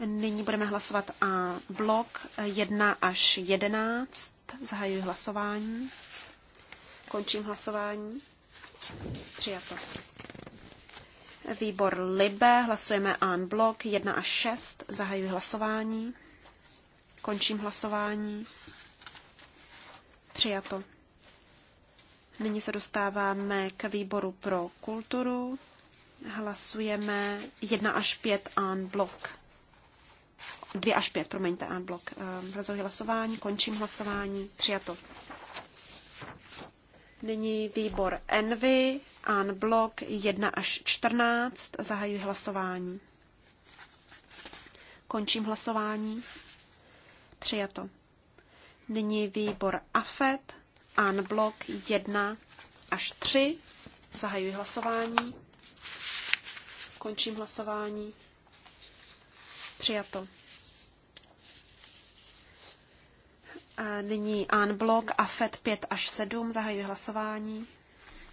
Nyní budeme hlasovat a blok 1 až 11. Zahajuji hlasování. Končím hlasování. Přijato. Výbor Libe, hlasujeme en blok 1 až 6, zahajuji hlasování. Končím hlasování. Přijato. Nyní se dostáváme k výboru pro kulturu. Hlasujeme 1 až 5 en blok. 2 až 5, promiňte, en blok. Ehm, hlasování, končím hlasování. Přijato. Nyní výbor Envy, an blok 1 až 14, zahajuji hlasování. Končím hlasování. Přijato. Nyní výbor AFET, an blok 1 až 3, zahajuji hlasování. Končím hlasování. Přijato. Nyní unblock a FED 5 až 7. Zahajuji hlasování.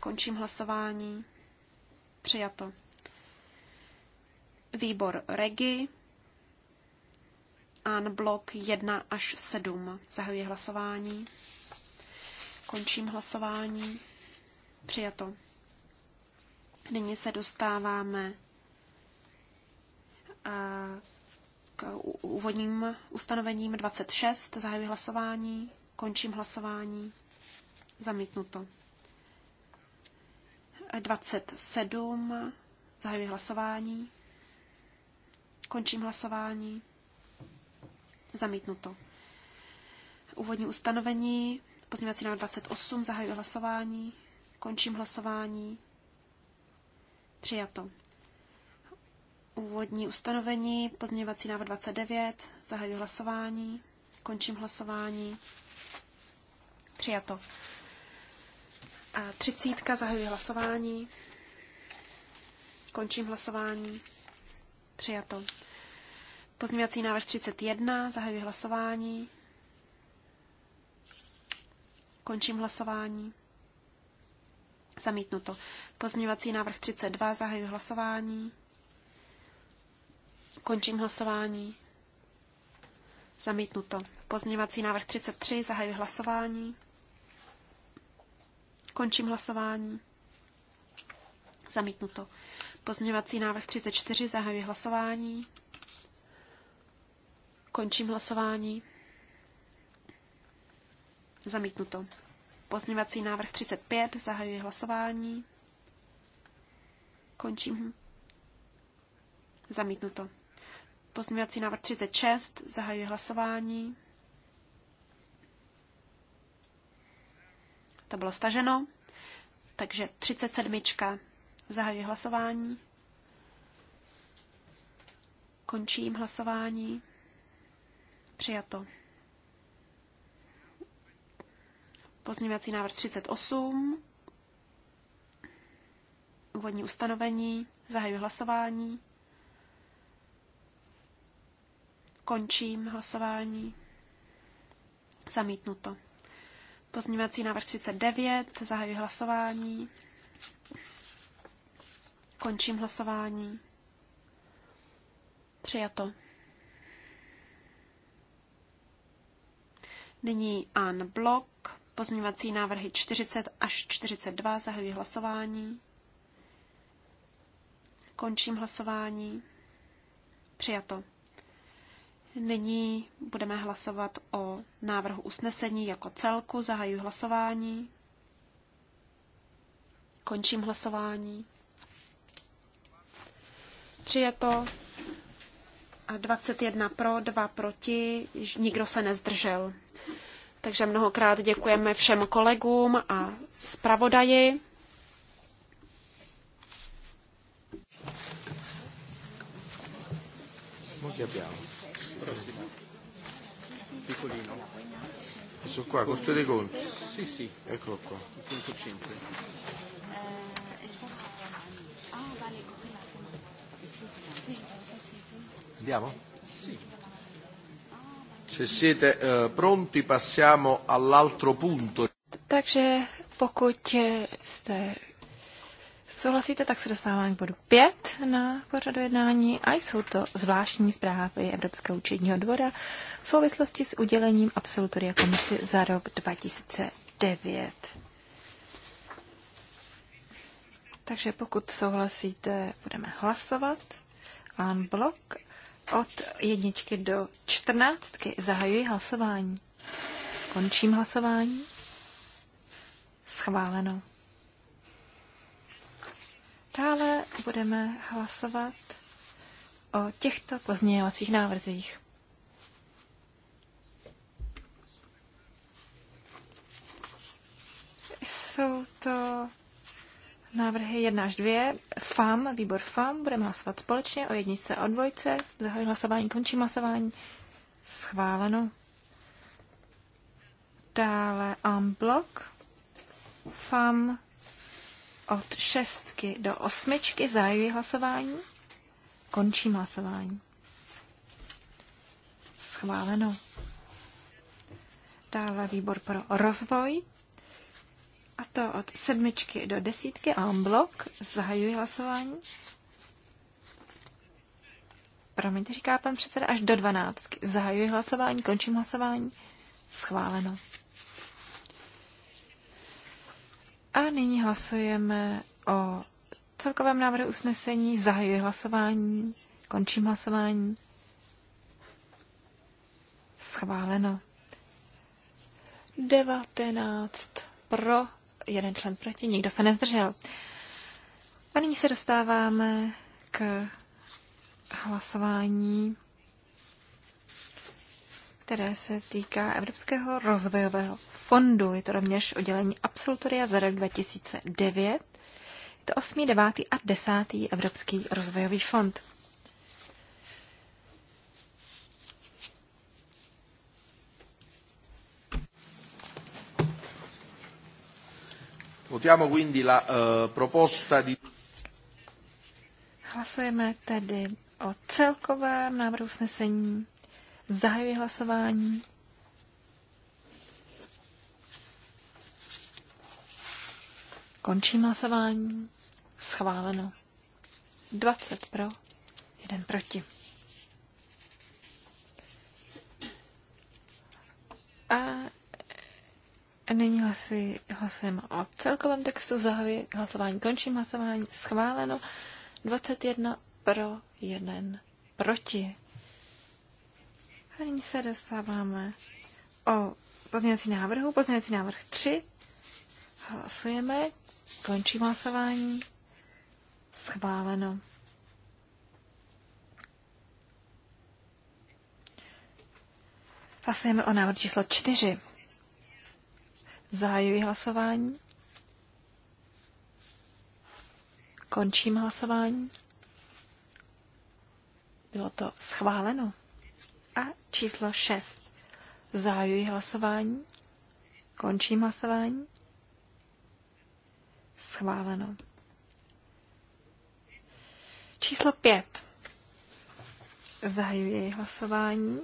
Končím hlasování. Přijato. Výbor Regi. Unblock 1 až 7. Zahajuji hlasování. Končím hlasování. Přijato. Nyní se dostáváme k úvodním ustanovením 26. Zahajuji hlasování, končím hlasování, zamítnuto. 27. Zahajuji hlasování, končím hlasování, zamítnuto. Úvodní ustanovení, pozměňovací návrh 28, zahajuji hlasování, končím hlasování, přijato. Úvodní ustanovení, pozměňovací návrh 29, zahajuji hlasování, končím hlasování. Přijato. A třicítka, zahajuji hlasování, končím hlasování. Přijato. Pozměňovací návrh 31, zahajuji hlasování, končím hlasování. Zamítnuto. Pozměňovací návrh 32, zahajuji hlasování. Končím hlasování. Zamítnuto. Pozměňovací návrh 33. Zahajuji hlasování. Končím hlasování. Zamítnuto. Pozměňovací návrh 34. Zahajuji hlasování. Končím hlasování. Zamítnuto. Pozměňovací návrh 35. Zahajuji hlasování. Končím. Zamítnuto. Pozměňovací návrh 36. Zahajuji hlasování. To bylo staženo. Takže 37. Zahajuji hlasování. Končím hlasování. Přijato. Pozměňovací návrh 38. Úvodní ustanovení. Zahajuji hlasování. Končím hlasování. Zamítnuto. Pozměňovací návrh 39. Zahajuji hlasování. Končím hlasování. Přijato. Nyní an blok. Pozměňovací návrhy 40 až 42. Zahajuji hlasování. Končím hlasování. Přijato. Nyní budeme hlasovat o návrhu usnesení jako celku. Zahajuji hlasování. Končím hlasování. Přijato 21 pro, 2 proti, nikdo se nezdržel. Takže mnohokrát děkujeme všem kolegům a zpravodaji. Molti abbiamo piccolino. Questo qua, Corte dei Conti? Sì, sì. Eccolo qua. Il punto 5. Andiamo? Sì. Se siete uh, pronti passiamo all'altro punto. Takže pokud eh, jste Souhlasíte, tak se dostáváme k bodu 5 na pořadu jednání a jsou to zvláštní zprávy Evropského účetního dvora v souvislosti s udělením absolutoria komisi za rok 2009. Takže pokud souhlasíte, budeme hlasovat en blok od jedničky do čtrnáctky. Zahajuji hlasování. Končím hlasování. Schváleno. Dále budeme hlasovat o těchto pozměňovacích návrzích. Jsou to návrhy 1 až 2. FAM, výbor FAM, budeme hlasovat společně o jednice a o dvojce. Zahajuji hlasování, končím hlasování. Schváleno. Dále unblock. FAM od šestky do osmičky zahajuji hlasování. Končím hlasování. Schváleno. Dále výbor pro rozvoj. A to od sedmičky do desítky a blok. Zahajuji hlasování. Promiňte, říká pan předseda, až do dvanáctky. Zahajuji hlasování, končím hlasování. Schváleno. A nyní hlasujeme o celkovém návrhu usnesení. Zahajuji hlasování. Končím hlasování. Schváleno. 19 pro, jeden člen proti, nikdo se nezdržel. A nyní se dostáváme k hlasování které se týká Evropského rozvojového fondu. Je to rovněž oddělení absolutoria za rok 2009. Je to 8., 9. a 10. Evropský rozvojový fond. Votiamo quindi la uh, proposta di... Hlasujeme tedy o celkovém návrhu usnesení Zahajuji hlasování. Končím hlasování. Schváleno. 20 pro, 1 proti. A nyní hlasy, hlasujeme o celkovém textu. Zahajuji hlasování. Končím hlasování. Schváleno. 21 pro, 1 proti. A nyní se dostáváme o pozměňovací návrhu. Pozměňovací návrh 3. Hlasujeme. končí hlasování. Schváleno. Hlasujeme o návrh číslo 4. Zahajuji hlasování. Končím hlasování. Bylo to schváleno a číslo 6. Zahajuji hlasování. Končím hlasování. Schváleno. Číslo 5. Zahajuji hlasování.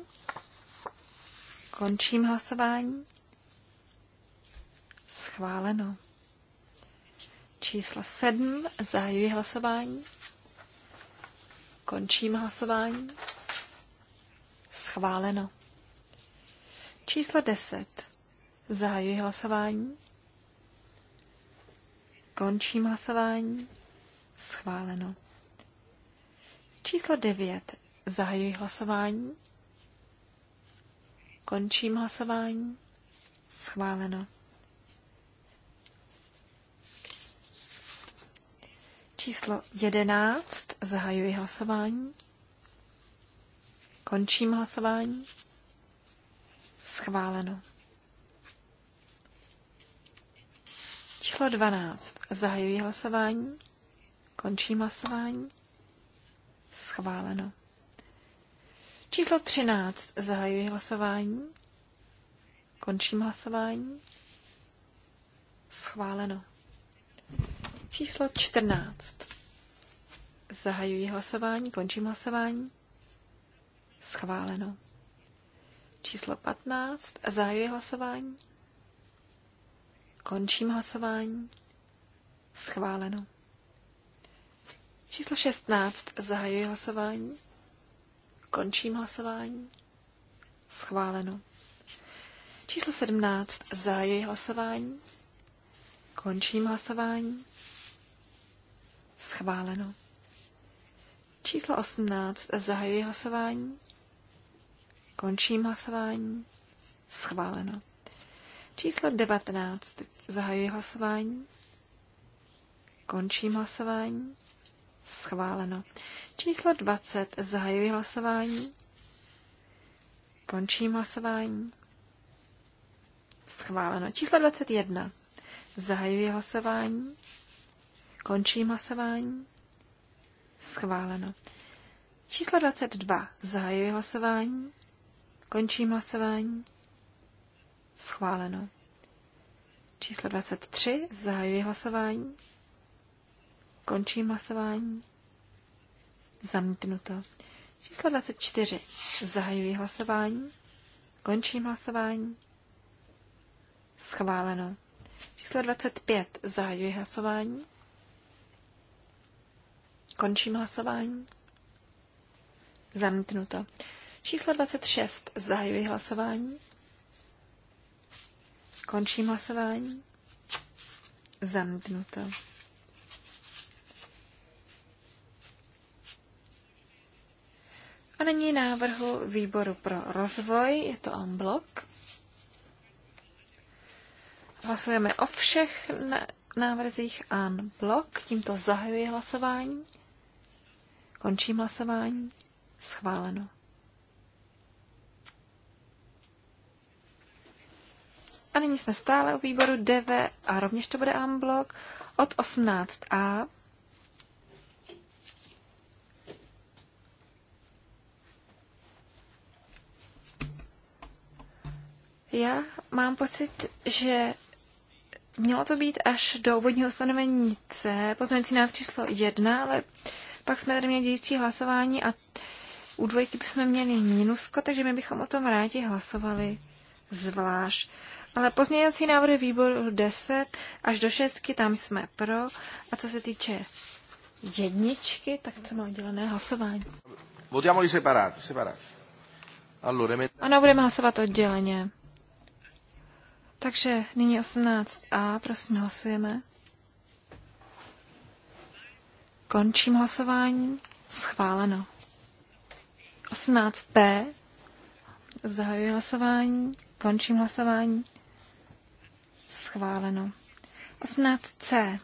Končím hlasování. Schváleno. Číslo 7. Zahajuji hlasování. Končím hlasování. Schváleno. Číslo 10. Zahajuji hlasování. Končím hlasování. Schváleno. Číslo 9. Zahajuji hlasování. Končím hlasování. Schváleno. Číslo 11. Zahajuji hlasování. Končím hlasování. Schváleno. Číslo 12. Zahajuji hlasování. Končím hlasování. Schváleno. Číslo 13. Zahajuji hlasování. Končím hlasování. Schváleno. Číslo 14. Zahajuji hlasování. Končím hlasování. Schváleno. Číslo 15. Zahajuji hlasování. Končím hlasování. Schváleno. Číslo 16. Zahajuji hlasování. Končím hlasování. Schváleno. Číslo 17. Zahajuji hlasování. Končím hlasování. Schváleno. Číslo 18. Zahajuji hlasování. Končím hlasování. Schváleno. Číslo 19. Zahajuji hlasování. Končím hlasování. Schváleno. Číslo 20. Zahajuji hlasování. Končím hlasování. Schváleno. Číslo 21. Zahajuji hlasování. Končím hlasování. Schváleno. Číslo 22. Zahajuji hlasování. Končím hlasování. Schváleno. Číslo 23. Zahajuji hlasování. Končím hlasování. Zamítnuto. Číslo 24. Zahajuji hlasování. Končím hlasování. Schváleno. Číslo 25. Zahajuji hlasování. Končím hlasování. Zamítnuto. Číslo 26. Zahajuji hlasování. Končím hlasování. Zamknuto. A nyní návrhu výboru pro rozvoj, je to blok. Hlasujeme o všech návrzích blok, tímto zahajuji hlasování, končím hlasování, schváleno. A nyní jsme stále u výboru DV a rovněž to bude Amblok od 18a Já mám pocit, že mělo to být až do úvodního ustanovení C, pozměňující návrh číslo 1, ale pak jsme tady měli dějící hlasování a u dvojky bychom měli minusko, takže my bychom o tom rádi hlasovali zvlášť. Ale pozměňovací návrhy výboru 10 až do 6, tam jsme pro. A co se týče jedničky, tak to má oddělené hlasování. Votiamoli separati, separati. Ano, budeme hlasovat odděleně. Takže nyní 18a, prosím, hlasujeme. Končím hlasování. Schváleno. 18 b Zahajuji hlasování. Končím hlasování. Schváleno. 18C.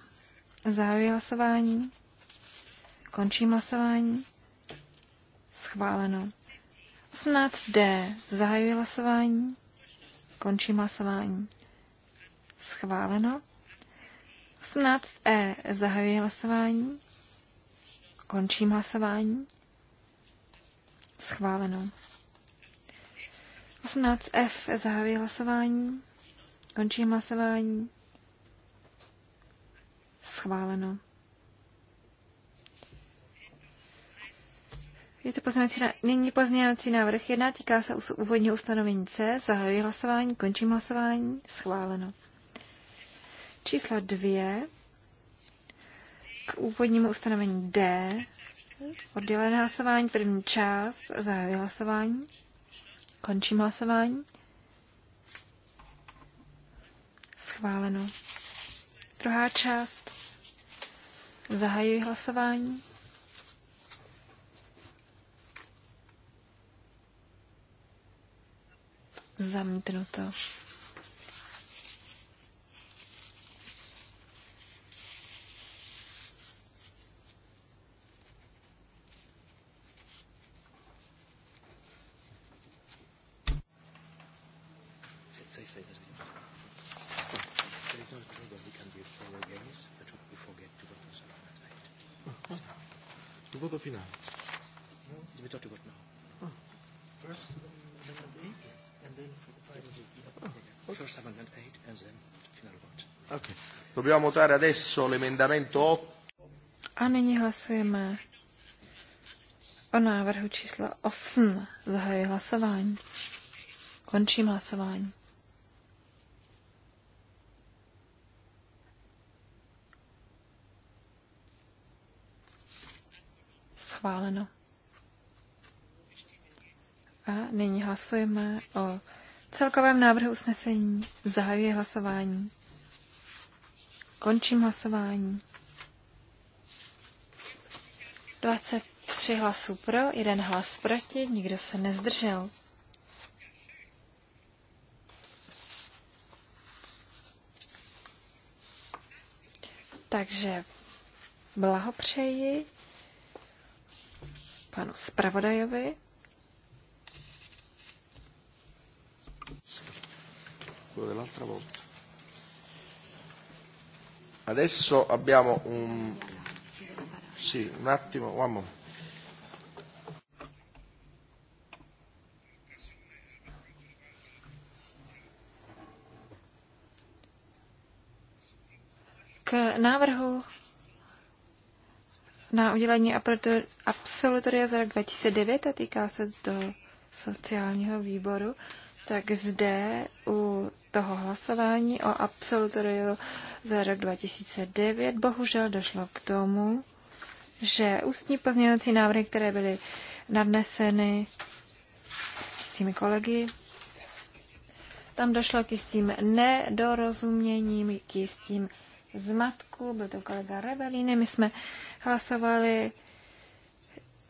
Zahajuji hlasování. Končím hlasování. Schváleno. 18D. Zahajuji hlasování. Končím hlasování. Schváleno. 18E. Zahajuji hlasování. Končím hlasování. Schváleno. 18F zahájí hlasování. končí hlasování. Schváleno. Je to pozměňovací, nyní pozměňovací návrh 1, týká se úvodního ustanovení C, zahajuji hlasování, končí hlasování, schváleno. Číslo 2, k úvodnímu ustanovení D, oddělené hlasování, první část, zahajuji hlasování, Končím hlasování. Schváleno. Druhá část. Zahajuji hlasování. Zamítnuto. to bylo finale. to vote First Amendment 8 and then First Amendment 8 and then final vote. Okay. Dobbiamo votare adesso l'emendamento 8. A nyní hlasujeme o návrhu číslo 8. Zahajuji hlasování. Končím hlasování. schváleno. A nyní hlasujeme o celkovém návrhu usnesení. Zahajuji hlasování. Končím hlasování. 23 hlasů pro, jeden hlas proti, nikdo se nezdržel. Takže blahopřeji panu zpravodajovi. Adesso abbiamo un... Sì, un attimo, uomo. K návrhu na udělení absolutoria za rok 2009 a týká se to sociálního výboru, tak zde u toho hlasování o absolutoriu za rok 2009 bohužel došlo k tomu, že ústní pozměňovací návrhy, které byly nadneseny s těmi kolegy, tam došlo k jistým nedorozuměním, k jistým zmatku, byl to kolega Revelíny, my jsme hlasovali,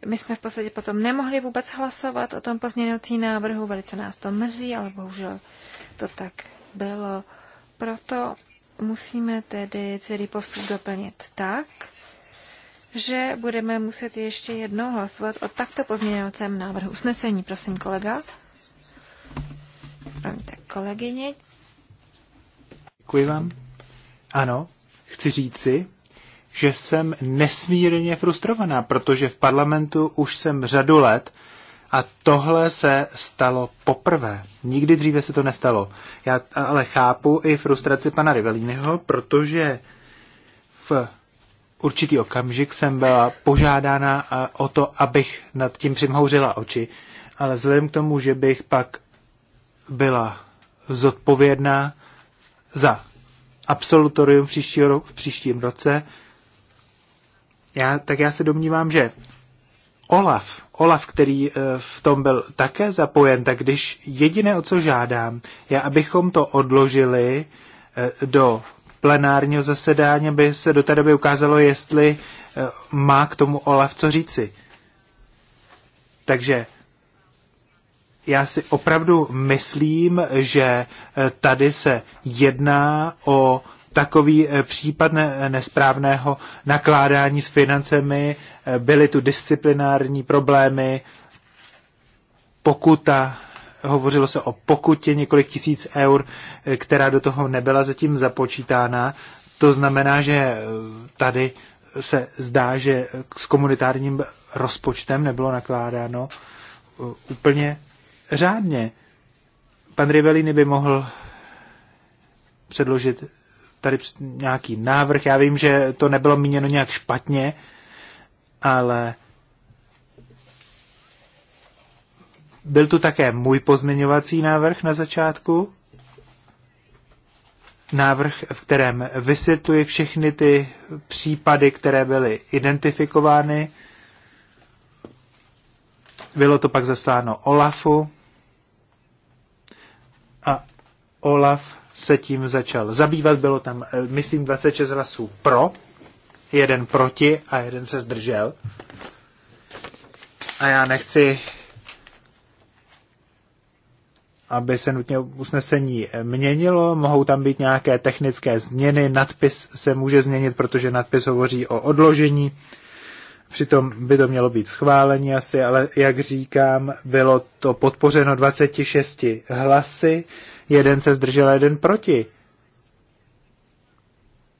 my jsme v podstatě potom nemohli vůbec hlasovat o tom pozměňovací návrhu, velice nás to mrzí, ale bohužel to tak bylo. Proto musíme tedy celý postup doplnit tak, že budeme muset ještě jednou hlasovat o takto pozměňovacím návrhu usnesení. Prosím, kolega. Promiňte, kolegyně. Děkuji vám. Ano, chci říci, že jsem nesmírně frustrovaná, protože v parlamentu už jsem řadu let a tohle se stalo poprvé. Nikdy dříve se to nestalo. Já ale chápu i frustraci pana Rivelínyho, protože v určitý okamžik jsem byla požádána eh, o to, abych nad tím přimhouřila oči, ale vzhledem k tomu, že bych pak byla zodpovědná za absolutorium rok, v příštím roce, já, tak já se domnívám, že Olaf, Olaf, který eh, v tom byl také zapojen, tak když jediné, o co žádám, je, abychom to odložili eh, do plenárního zasedání, aby se do té doby ukázalo, jestli eh, má k tomu Olaf co říci. Takže já si opravdu myslím, že eh, tady se jedná o takový eh, případ nesprávného nakládání s financemi, eh, byly tu disciplinární problémy, pokuta, hovořilo se o pokutě několik tisíc eur, která do toho nebyla zatím započítána. To znamená, že tady se zdá, že s komunitárním rozpočtem nebylo nakládáno úplně řádně. Pan Rivellini by mohl předložit tady nějaký návrh. Já vím, že to nebylo míněno nějak špatně, ale byl tu také můj pozměňovací návrh na začátku. Návrh, v kterém vysvětluji všechny ty případy, které byly identifikovány. Bylo to pak zasláno Olafu Olaf se tím začal zabývat. Bylo tam, eh, myslím, 26 hlasů pro, jeden proti a jeden se zdržel. A já nechci, aby se nutně usnesení měnilo. Mohou tam být nějaké technické změny. Nadpis se může změnit, protože nadpis hovoří o odložení. Přitom by to mělo být schválení asi, ale jak říkám, bylo to podpořeno 26 hlasy jeden se zdržel a jeden proti.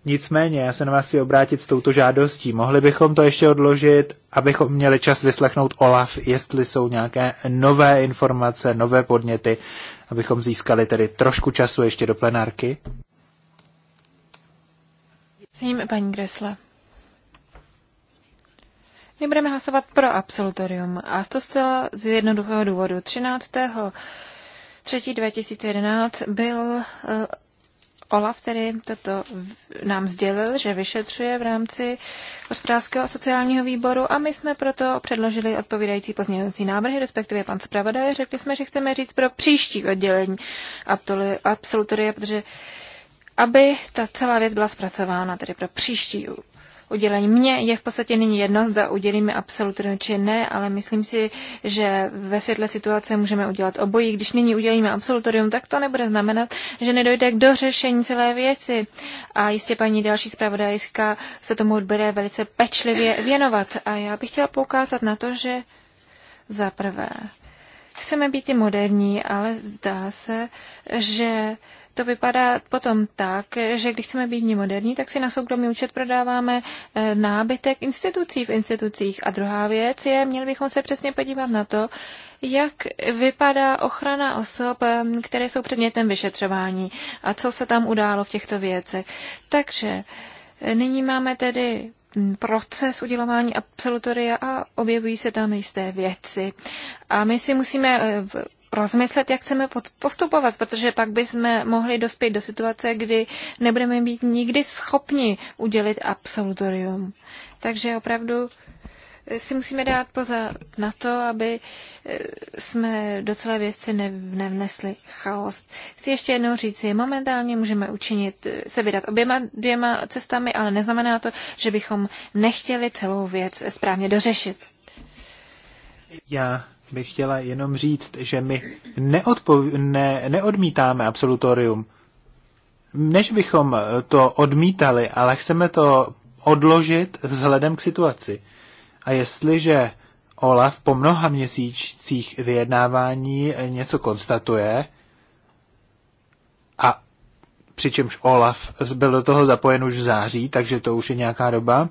Nicméně, já se na vás chci obrátit s touto žádostí. Mohli bychom to ještě odložit, abychom měli čas vyslechnout Olaf, jestli jsou nějaké nové informace, nové podněty, abychom získali tedy trošku času ještě do plenárky. Sním, paní Gresle. My budeme hlasovat pro absolutorium a to zcela z jednoduchého důvodu. 13. 3. 2011 byl eh, Olaf který toto nám sdělil, že vyšetřuje v rámci hospodářského a sociálního výboru a my jsme proto předložili odpovídající pozměňovací návrhy, respektive pan zpravodaj. Řekli jsme, že chceme říct pro příští oddělení absolutoria, protože aby ta celá věc byla zpracována tedy pro příští udělení. Mně je v podstatě nyní jedno, zda udělíme absolutorium či ne, ale myslím si, že ve světle situace můžeme udělat obojí. Když nyní udělíme absolutorium, tak to nebude znamenat, že nedojde k dořešení celé věci. A jistě paní další zpravodajská se tomu bude velice pečlivě věnovat. A já bych chtěla poukázat na to, že za prvé chceme být i moderní, ale zdá se, že to vypadá potom tak, že když chceme být moderní, tak si na soukromý účet prodáváme eh, nábytek institucí v institucích. A druhá věc je, měli bychom se přesně podívat na to, jak vypadá ochrana osob, eh, které jsou předmětem vyšetřování a co se tam událo v těchto věcech. Takže eh, nyní máme tedy hm, proces udělování absolutoria a objevují se tam jisté věci. A my si musíme rozmyslet, jak chceme postupovat, protože pak bychom mohli dospět do situace, kdy nebudeme být nikdy schopni udělit absolutorium. Takže opravdu eh, si musíme dát pozor na to, aby eh, jsme do celé věci nevnesli chaos. Chci ještě jednou říct, že momentálně můžeme učinit, eh, se vydat oběma dvěma cestami, ale neznamená to, že bychom nechtěli celou věc správně dořešit. Já bych chtěla jenom říct, že my neodpov- ne, neodmítáme absolutorium. Než bychom to odmítali, ale chceme to odložit vzhledem k situaci. A jestliže Olaf po mnoha měsících vyjednávání něco konstatuje, a přičemž Olaf byl do toho zapojen už v září, takže to už je nějaká doba,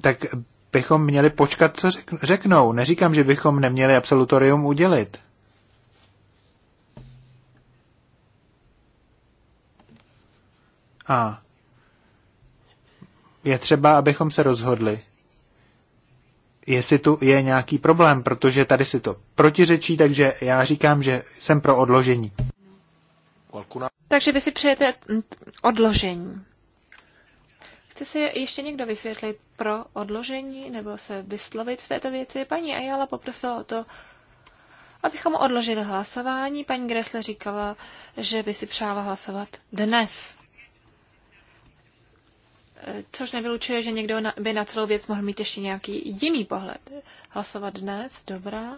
tak bychom měli počkat, co řeknou. Neříkám, že bychom neměli absolutorium udělit. A je třeba, abychom se rozhodli, jestli tu je nějaký problém, protože tady si to protiřečí, takže já říkám, že jsem pro odložení. Takže vy si přejete odložení. Chce si ještě někdo vysvětlit pro odložení nebo se vyslovit v této věci? Paní Ayala poprosila o to, abychom odložili hlasování. Paní Gressler říkala, že by si přála hlasovat dnes. Což nevylučuje, že někdo by na celou věc mohl mít ještě nějaký jiný pohled. Hlasovat dnes, dobrá.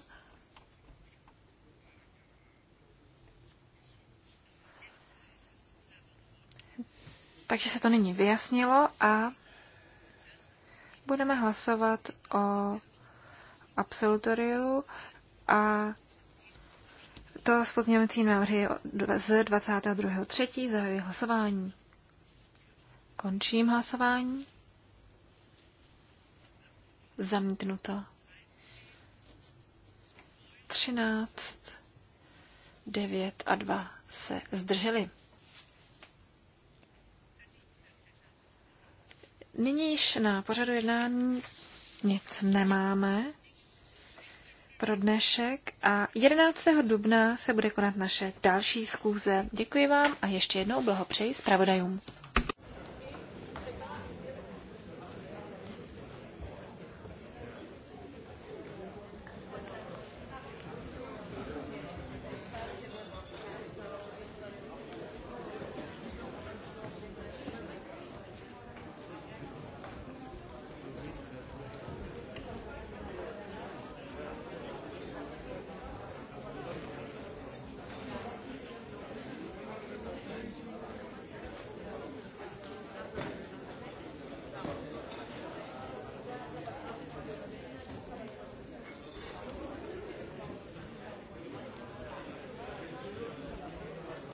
Takže se to nyní vyjasnilo a budeme hlasovat o absolutoriu a to s pozměňovací návrhy z 22.3. zahajuji hlasování. Končím hlasování. Zamítnuto. 13, 9 a 2 se zdrželi. Nyní již na pořadu jednání nic nemáme pro dnešek a 11. dubna se bude konat naše další schůze. Děkuji vám a ještě jednou blahopřeji zpravodajům.